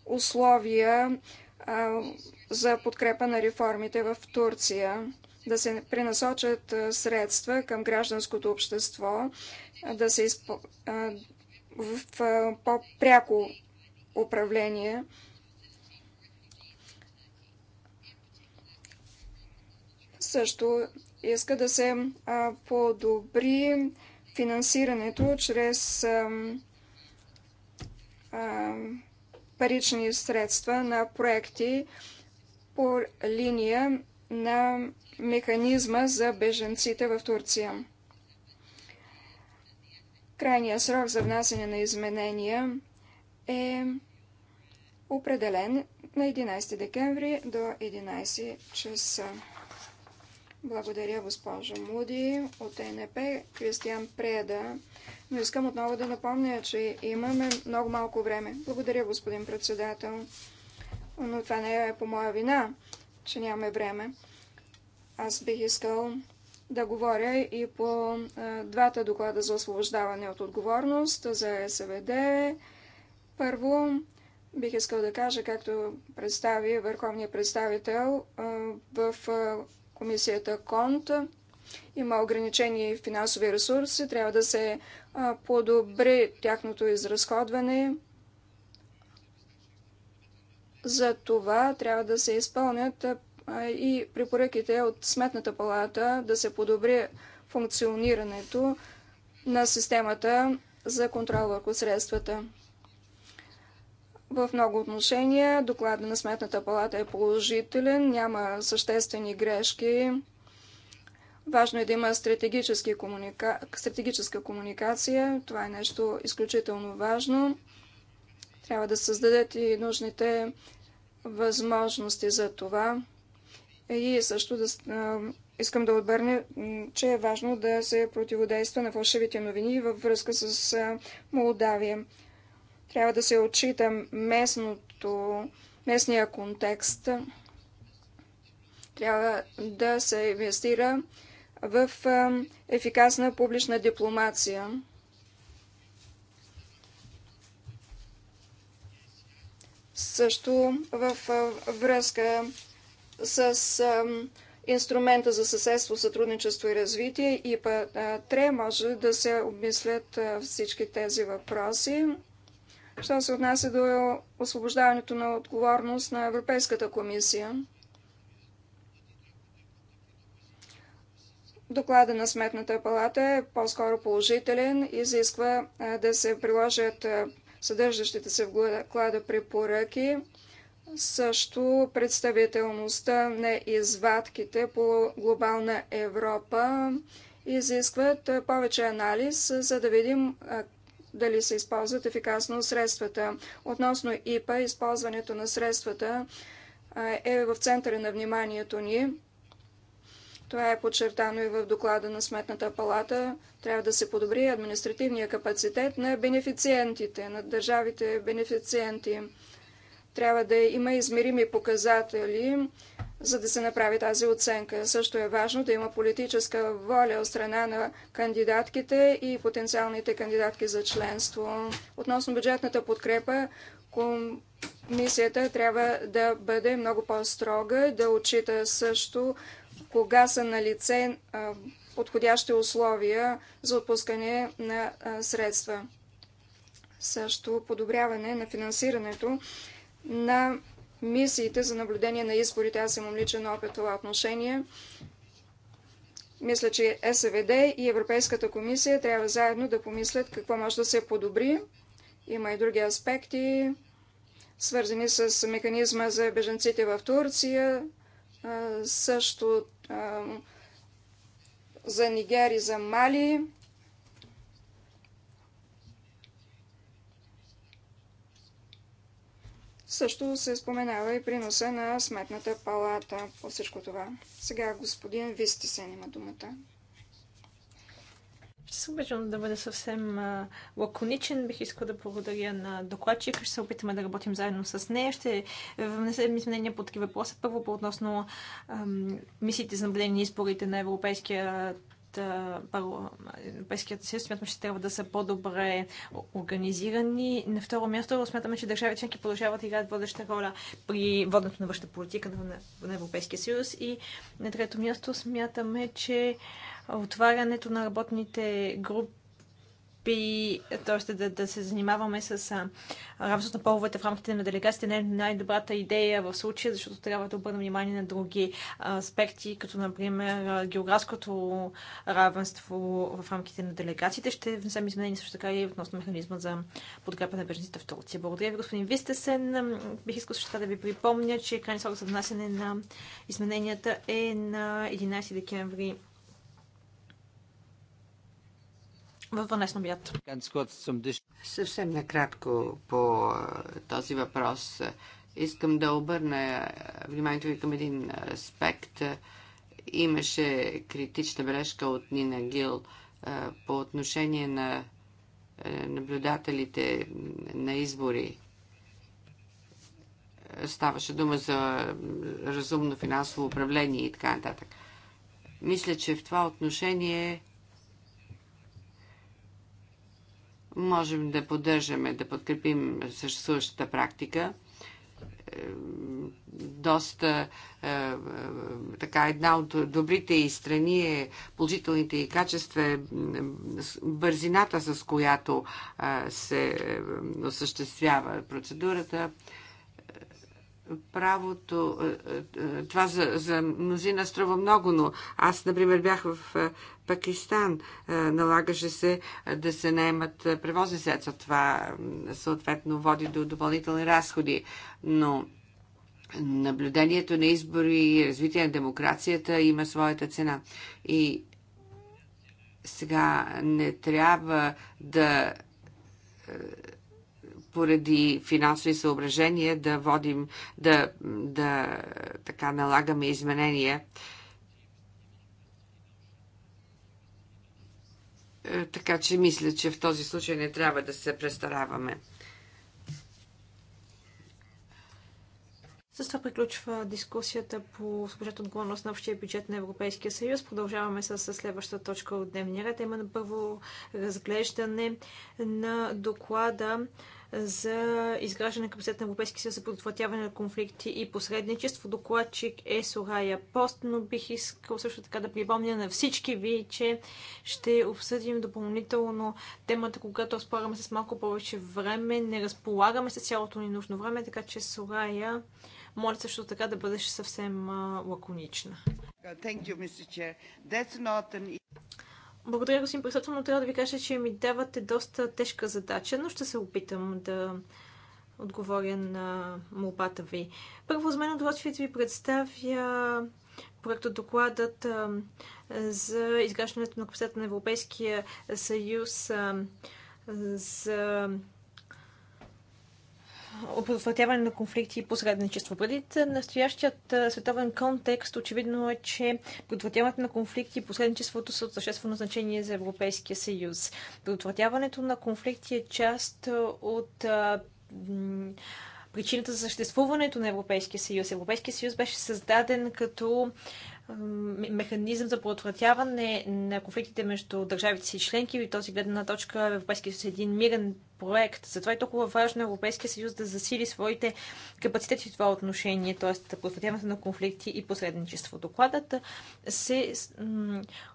условия а, за подкрепа на реформите в Турция, да се пренасочат средства към гражданското общество, да се изп в по-пряко управление. Също иска да се подобри финансирането чрез парични средства на проекти по линия на механизма за беженците в Турция. Крайния срок за внасяне на изменения е определен на 11 декември до 11 часа. Благодаря, госпожо Муди от ЕНП, Кристиан Преда. Но искам отново да напомня, че имаме много малко време. Благодаря, господин председател. Но това не е по моя вина, че нямаме време. Аз бих искал да говоря и по двата доклада за освобождаване от отговорност за СВД. Първо, бих искал да кажа, както представи върховният представител в комисията КОНТ, има ограничени финансови ресурси, трябва да се подобри тяхното изразходване. За това трябва да се изпълнят и препоръките от Сметната палата да се подобри функционирането на системата за контрол върху средствата. В много отношения доклада на Сметната палата е положителен, няма съществени грешки. Важно е да има стратегически комуника... стратегическа комуникация. Това е нещо изключително важно. Трябва да създадат и нужните възможности за това. И също да, искам да отбърне, че е важно да се противодейства на фалшивите новини във връзка с Молдавия. Трябва да се отчита местното, местния контекст. Трябва да се инвестира в ефикасна публична дипломация. Също в връзка с инструмента за съседство, сътрудничество и развитие и ПАТРЕ може да се обмислят всички тези въпроси. Що се отнася до освобождаването на отговорност на Европейската комисия? Доклада на Сметната палата е по-скоро положителен, изисква да се приложат съдържащите се в доклада препоръки също представителността на извадките по глобална Европа изискват повече анализ, за да видим дали се използват ефикасно средствата. Относно ИПА, използването на средствата е в центъра на вниманието ни. Това е подчертано и в доклада на Сметната палата. Трябва да се подобри административния капацитет на бенефициентите, на държавите бенефициенти. Трябва да има измерими показатели, за да се направи тази оценка. Също е важно да има политическа воля от страна на кандидатките и потенциалните кандидатки за членство. Относно бюджетната подкрепа, комисията трябва да бъде много по-строга, да отчита също кога са на лице подходящи условия за отпускане на средства. Също подобряване на финансирането на мисиите за наблюдение на изборите. Аз имам личен опит в това отношение. Мисля, че СВД и Европейската комисия трябва заедно да помислят какво може да се подобри. Има и други аспекти, свързани с механизма за беженците в Турция, също за Нигер и за Мали. Също се споменава и приноса на сметната палата по всичко това. Сега господин Вистисен има думата.
Ще се обичам да бъда съвсем лаконичен. Бих искал да благодаря на докладчика. Ще се опитаме да работим заедно с нея. Ще внесем изменения по такива въпроси. Първо по относно мисиите за наблюдение на изборите на Европейския Европейският съюз, смятаме, че трябва да са по-добре организирани. На второ място смятаме, че държавите членки продължават да играят водеща роля при водната на външната политика на Европейския съюз. И на трето място смятаме, че отварянето на работните групи би, т.е. Да, да се занимаваме с равенството на половете в рамките на делегациите не е най-добрата идея в случая, защото трябва да обърнем внимание на други аспекти, като например географското равенство в рамките на делегациите. Ще внесем изменения също така и относно механизма за подкрепа на бежанците в Турция. Благодаря ви, господин Вистесен. Бих искал също така да ви припомня, че крайният срок за внасяне на измененията е на 11 декември във
на обяд. Съвсем накратко по този въпрос. Искам да обърна вниманието ви към един аспект. Имаше критична бележка от Нина Гил по отношение на наблюдателите на избори. Ставаше дума за разумно финансово управление и така нататък. Мисля, че в това отношение можем да поддържаме, да подкрепим съществуващата практика. Е, доста е, е, така една от добрите и страни е положителните и качества е бързината, с която се осъществява процедурата правото, е, е, е, това за, за мнозина струва много, но аз, например, бях в Пакистан. Налагаше се да се наемат превозни средства. Това съответно води до допълнителни разходи. Но наблюдението на избори и развитие на демокрацията има своята цена. И сега не трябва да поради финансови съображения да водим, да, да така налагаме изменения. Е, така че мисля, че в този случай не трябва да се престараваме.
С това приключва дискусията по служебната отговорност на общия бюджет на Европейския съюз. Продължаваме с следващата точка от дневния ред. Има на първо разглеждане на доклада за изграждане на капацитет на Европейския съюз за предотвратяване на конфликти и посредничество. Докладчик е Сорая Пост, но бих искал също така да припомня на всички ви, че ще обсъдим допълнително темата, когато спораме с малко повече време. Не разполагаме с цялото ни нужно време, така че Сорая, моля също така да бъдеш съвсем лаконична. Thank you, Mr. Chair. That's not an... Благодаря, господин председател, но трябва да ви кажа, че ми давате доста тежка задача, но ще се опитам да отговоря на молбата ви. Първо, за мен удоволствие да ви представя проекто докладът за изграждането на капацитета на Европейския съюз за предотвратяване на конфликти и посредничество. Преди настоящият световен контекст, очевидно е, че предотвратяването на конфликти и посредничеството са от съществено значение за Европейския съюз. Предотвратяването на конфликти е част от причината за съществуването на Европейския съюз. Европейския съюз беше създаден като механизъм за предотвратяване на конфликтите между държавите си членки и този гледна точка Европейския съюз е един мирен проект. Затова е толкова важно Европейския съюз да засили своите капацитети в това отношение, т.е. предотвратяването на конфликти и посредничество. Докладът се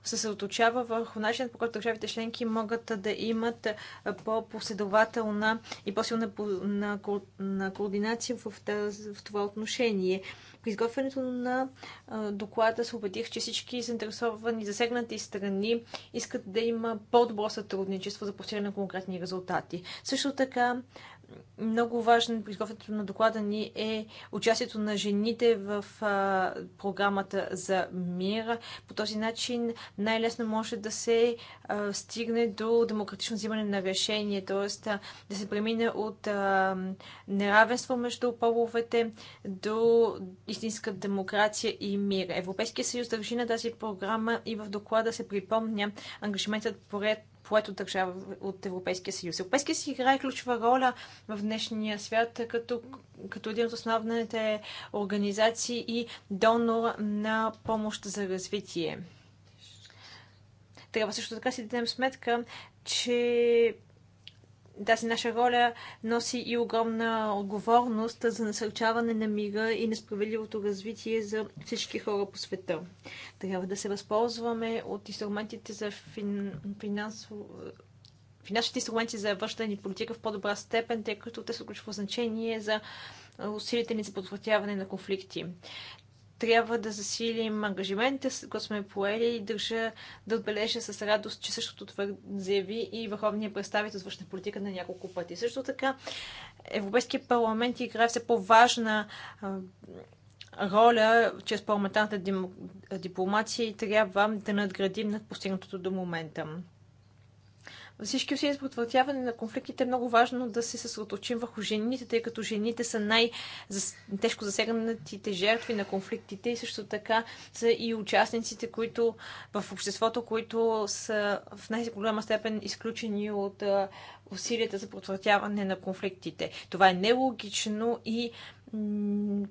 съсредоточава върху начинът, по който държавите членки могат да имат по-последователна и по-силна на, на координация в, в това отношение. При изготвянето на доклада се убедих, че всички заинтересовани, засегнати страни искат да има по-добро сътрудничество за постигане на конкретни резултати. Също така много важен при изготвянето на доклада ни е участието на жените в а, програмата за мир. По този начин най-лесно може да се а, стигне до демократично взимане на решение, т.е. да се премине от а, неравенство между половете до истинска демокрация и мир. Европейския съюз държи на тази програма и в доклада се припомня ангажиментът поред поето държава от Европейския съюз. Европейския си играе ключова роля в днешния свят като, като един от основните организации и донор на помощ за развитие. Трябва също така си дадем сметка, че тази наша роля носи и огромна отговорност за насърчаване на мига и несправедливото развитие за всички хора по света. Трябва да се възползваме от инструментите за фин... финансово финансовите инструменти за външна ни политика в по-добра степен, тъй като те са ключово значение за усилите ни за подвратяване на конфликти трябва да засилим ангажиментите, които сме поели и държа да отбележа с радост, че същото това заяви и върховния представител с външна политика на няколко пъти. Също така, Европейския парламент играе все по-важна роля чрез парламентарната дипломация и трябва да надградим над постигнатото до момента всички усилия за предотвратяване на конфликтите е много важно да се съсредоточим върху жените, тъй като жените са най-тежко засегнатите жертви на конфликтите и също така са и участниците, които в обществото, които са в най-голяма степен изключени от усилията за предотвратяване на конфликтите. Това е нелогично и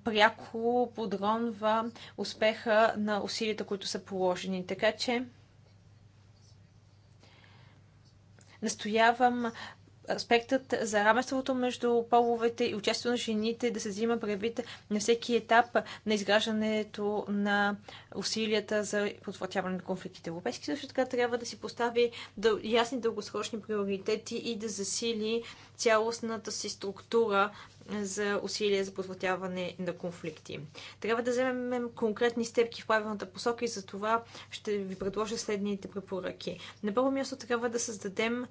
пряко подронва успеха на усилията, които са положени. Така че настоявам аспектът за равенството между половете и участието на жените да се взима предвид на всеки етап на изграждането на усилията за подвратяване на конфликтите. Европейски също така трябва да си постави ясни дългосрочни приоритети и да засили цялостната си структура за усилия за подвратяване на конфликти. Трябва да вземем конкретни степки в правилната посока и за това ще ви предложа следните препоръки. На първо място трябва да създадем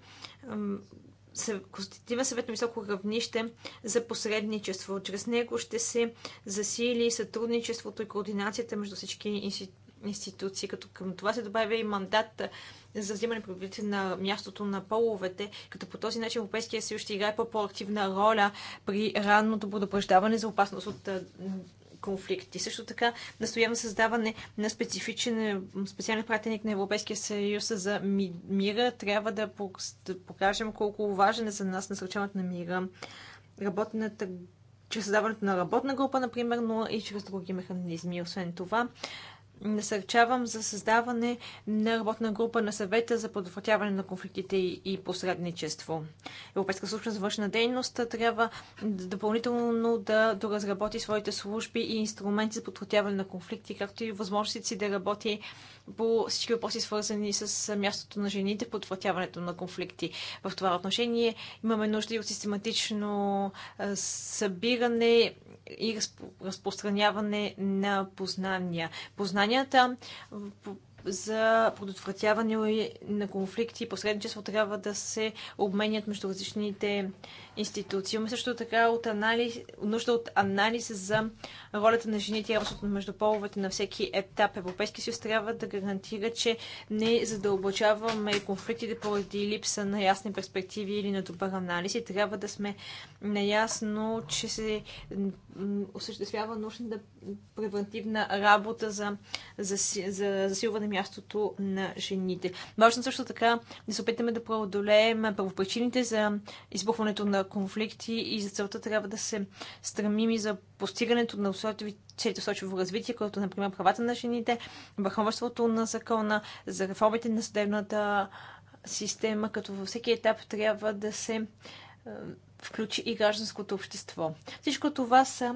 Конститутивен съвет на високо равнище за посредничество. Чрез него ще се засили сътрудничеството и координацията между всички институции институции, като към това се добавя и мандат за взимане предвид на мястото на половете, като по този начин Европейския съюз ще играе по-активна роля при ранното предупреждаване за опасност от конфликти. Също така настоявам създаване на специфичен, специален пратеник на Европейския съюз за мира. Трябва да покажем колко важен е за нас насърчаването на мира. Работната чрез създаването на работна група, например, но и чрез други механизми. Освен това, насърчавам за създаване на работна група на съвета за предотвратяване на конфликтите и посредничество. Европейска служба за външна дейност трябва допълнително да доразработи своите служби и инструменти за предотвратяване на конфликти, както и възможностите си да работи по всички въпроси, свързани с мястото на жените в предотвратяването на конфликти. В това отношение имаме нужда и от систематично събиране и разпространяване на познания. Познанията за предотвратяване на конфликти и посредничество трябва да се обменят между различните институции. Имаме също така от анализ, нужда от анализ за ролята на жените и работата между половете на всеки етап. Европейски съюз трябва да гарантира, че не задълбочаваме конфликтите поради липса на ясни перспективи или на добър анализ и трябва да сме наясно, че се осъществява нужда превентивна работа за, за, за засилване мястото на жените. Важно също така да се опитаме да преодолеем първопричините за избухването на конфликти и за целта трябва да се стремим и за постигането на целите устойчиво развитие, като, например, правата на жените, върховенството на закона, за реформите на съдебната система, като във всеки етап трябва да се е, включи и гражданското общество. Всичко това са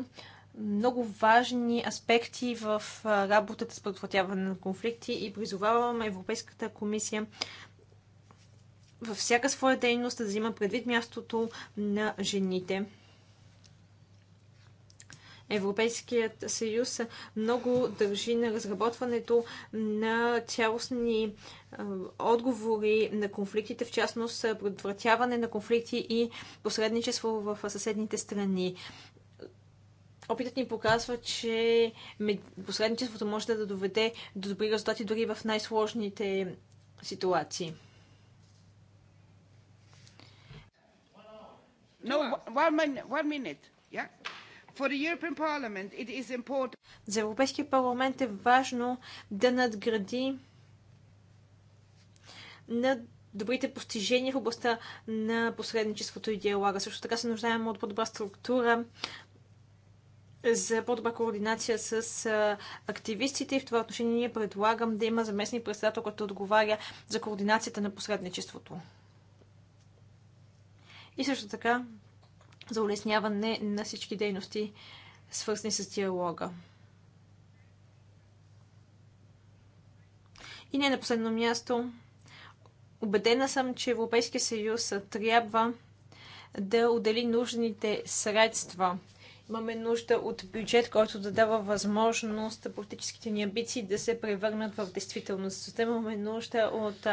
много важни аспекти в е, работата с предотвратяване на конфликти и призоваваме Европейската комисия във всяка своя дейност да взима предвид мястото на жените. Европейският съюз много държи на разработването на цялостни е, отговори на конфликтите, в частност е, предотвратяване на конфликти и посредничество в съседните страни. Опитът ни показва, че посредничеството може да доведе до добри резултати дори в най-сложните ситуации. No, one, minute, one minute. Yeah? For the European Parliament, it is important. За Европейския парламент е важно да надгради на добрите постижения в областта на посредничеството и диалога. Също така се нуждаем от по-добра структура, за по-добра координация с активистите и в това отношение ние предлагам да има заместник председател, който отговаря за координацията на посредничеството и също така за улесняване на всички дейности, свързани с диалога. И не на последно място, убедена съм, че Европейския съюз трябва да отдели нужните средства. Имаме нужда от бюджет, който да дава възможност политическите ни амбиции да се превърнат в действителност. Имаме нужда от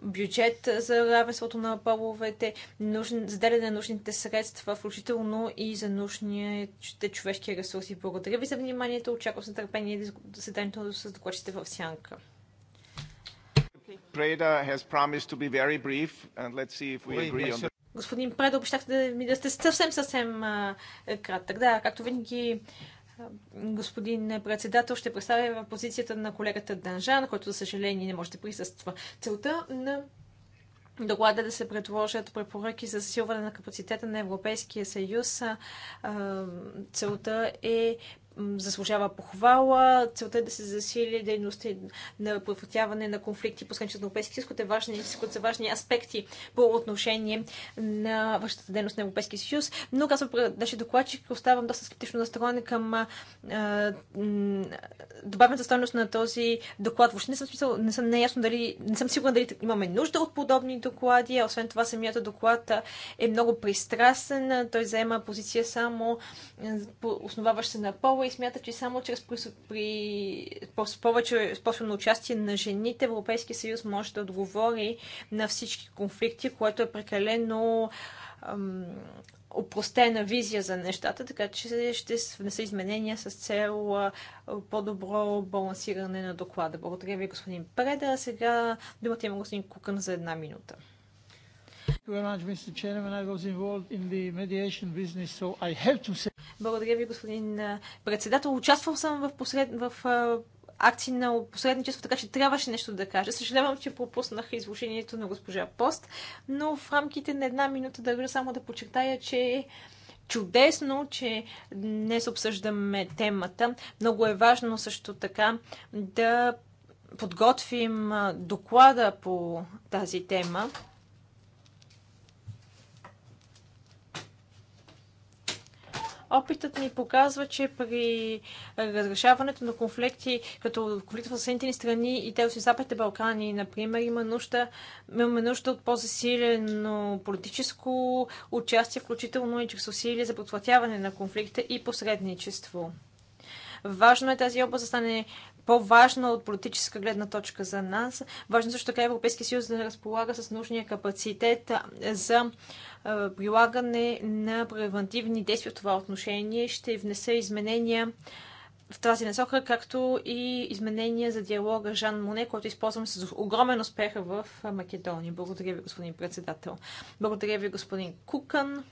бюджет за равенството на половете, нужен, заделяне на нужните средства, включително и за нужните човешки ресурси. Благодаря ви за вниманието. Очаквам с нетърпение заседанието да с докладчите в Сянка.
Преда Preda
Господин Преда, обещахте да, да сте съвсем, съвсем кратък. Да, както винаги, Господин председател, ще представя позицията на колегата Данжан, който, за съжаление, не може да присъства. Целта на доклада е да се предложат препоръки за засилване на капацитета на Европейския съюз. Целта е заслужава похвала. Целта е да се засили дейността на предотвратяване на конфликти по на Европейския съюз, които, е важни, които са важни аспекти по отношение на външната дейност на Европейския съюз. Но казвам, доклад, докладчик, оставам доста скептично настроена към добавената стойност на този доклад. Въобще не съм, смисъл, не съм неясно дали, не съм сигурна дали имаме нужда от подобни доклади. А освен това, самият доклад е много пристрастен. Той заема позиция само основаваща се на пола и смята, че само чрез при, повече способно участие на жените Европейския съюз може да отговори на всички конфликти, което е прекалено ам, опростена визия за нещата, така че ще внеса изменения с цел по-добро балансиране на доклада. Благодаря ви, господин Преда. Сега думата има господин Кукан за една минута. Благодаря ви, господин председател. Участвал съм в, посред... в акции на посредничество, така че трябваше нещо да кажа. Съжалявам, че пропуснах изложението на госпожа Пост, но в рамките на една минута държа само да подчертая, че е чудесно, че днес обсъждаме темата. Много е важно също така да подготвим доклада по тази тема. Опитът ни показва, че при разрешаването на конфликти, като конфликт в съседните ни страни и те от Западните Балкани, например, има нужда, имаме нужда от по-засилено политическо участие, включително и чрез усилия за подплатяване на конфликта и посредничество. Важно е тази област да стане по-важна от политическа гледна точка за нас. Важно е също така Европейския съюз да разполага с нужния капацитет за прилагане на превентивни действия в това отношение. Ще внеса изменения в тази насока, както и изменения за диалога Жан Моне, който използвам с огромен успех в Македония. Благодаря ви, господин председател. Благодаря ви, господин Кукан.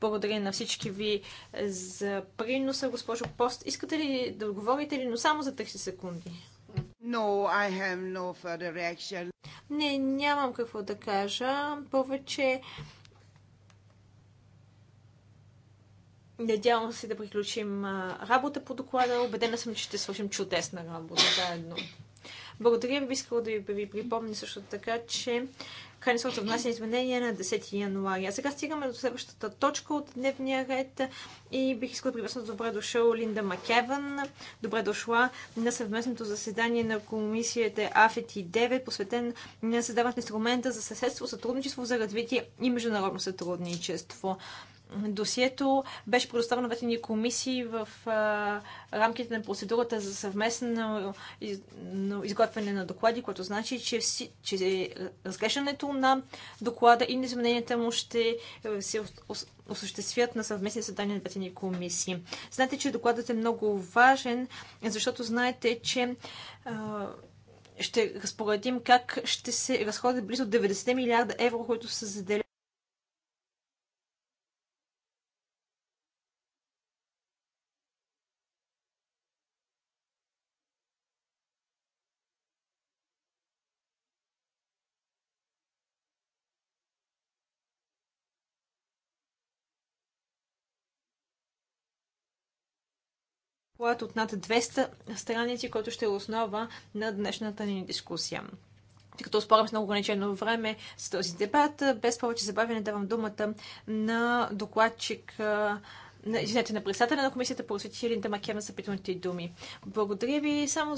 Благодаря на всички ви за приноса, госпожо Пост. Искате ли да отговорите ли, но само за 30 секунди? No, I have no further reaction. Не, нямам какво да кажа. Повече Надявам се да приключим работа по доклада. Обедена съм, че ще свършим чудесна работа заедно. Благодаря ви. Искала да ви припомня също така, че Крайни срок внася изменения на 10 януари. А сега стигаме до следващата точка от дневния ред и бих искала да приветствам добре дошъл Линда Макеван. Добре дошла на съвместното заседание на комисията АФЕТ и 9, посветен на създаването инструмента за съседство, сътрудничество за развитие и международно сътрудничество досието беше предоставено на ветени комисии в а, рамките на процедурата за съвместно из, изготвяне на доклади, което значи, че, че разглеждането на доклада и измененията му ще се осъществят на съвместни съдания на ветени комисии. Знаете, че докладът е много важен, защото знаете, че а, ще разпоредим как ще се разходят близо 90 милиарда евро, които са заделени доклад от над 200 страници, който ще е основа на днешната ни дискусия. Тъй като спорим с много ограничено време с този дебат, без повече забавяне давам думата на докладчик на, извинете, на председателя на комисията по развитие Линда Макер на думи. Благодаря ви. Само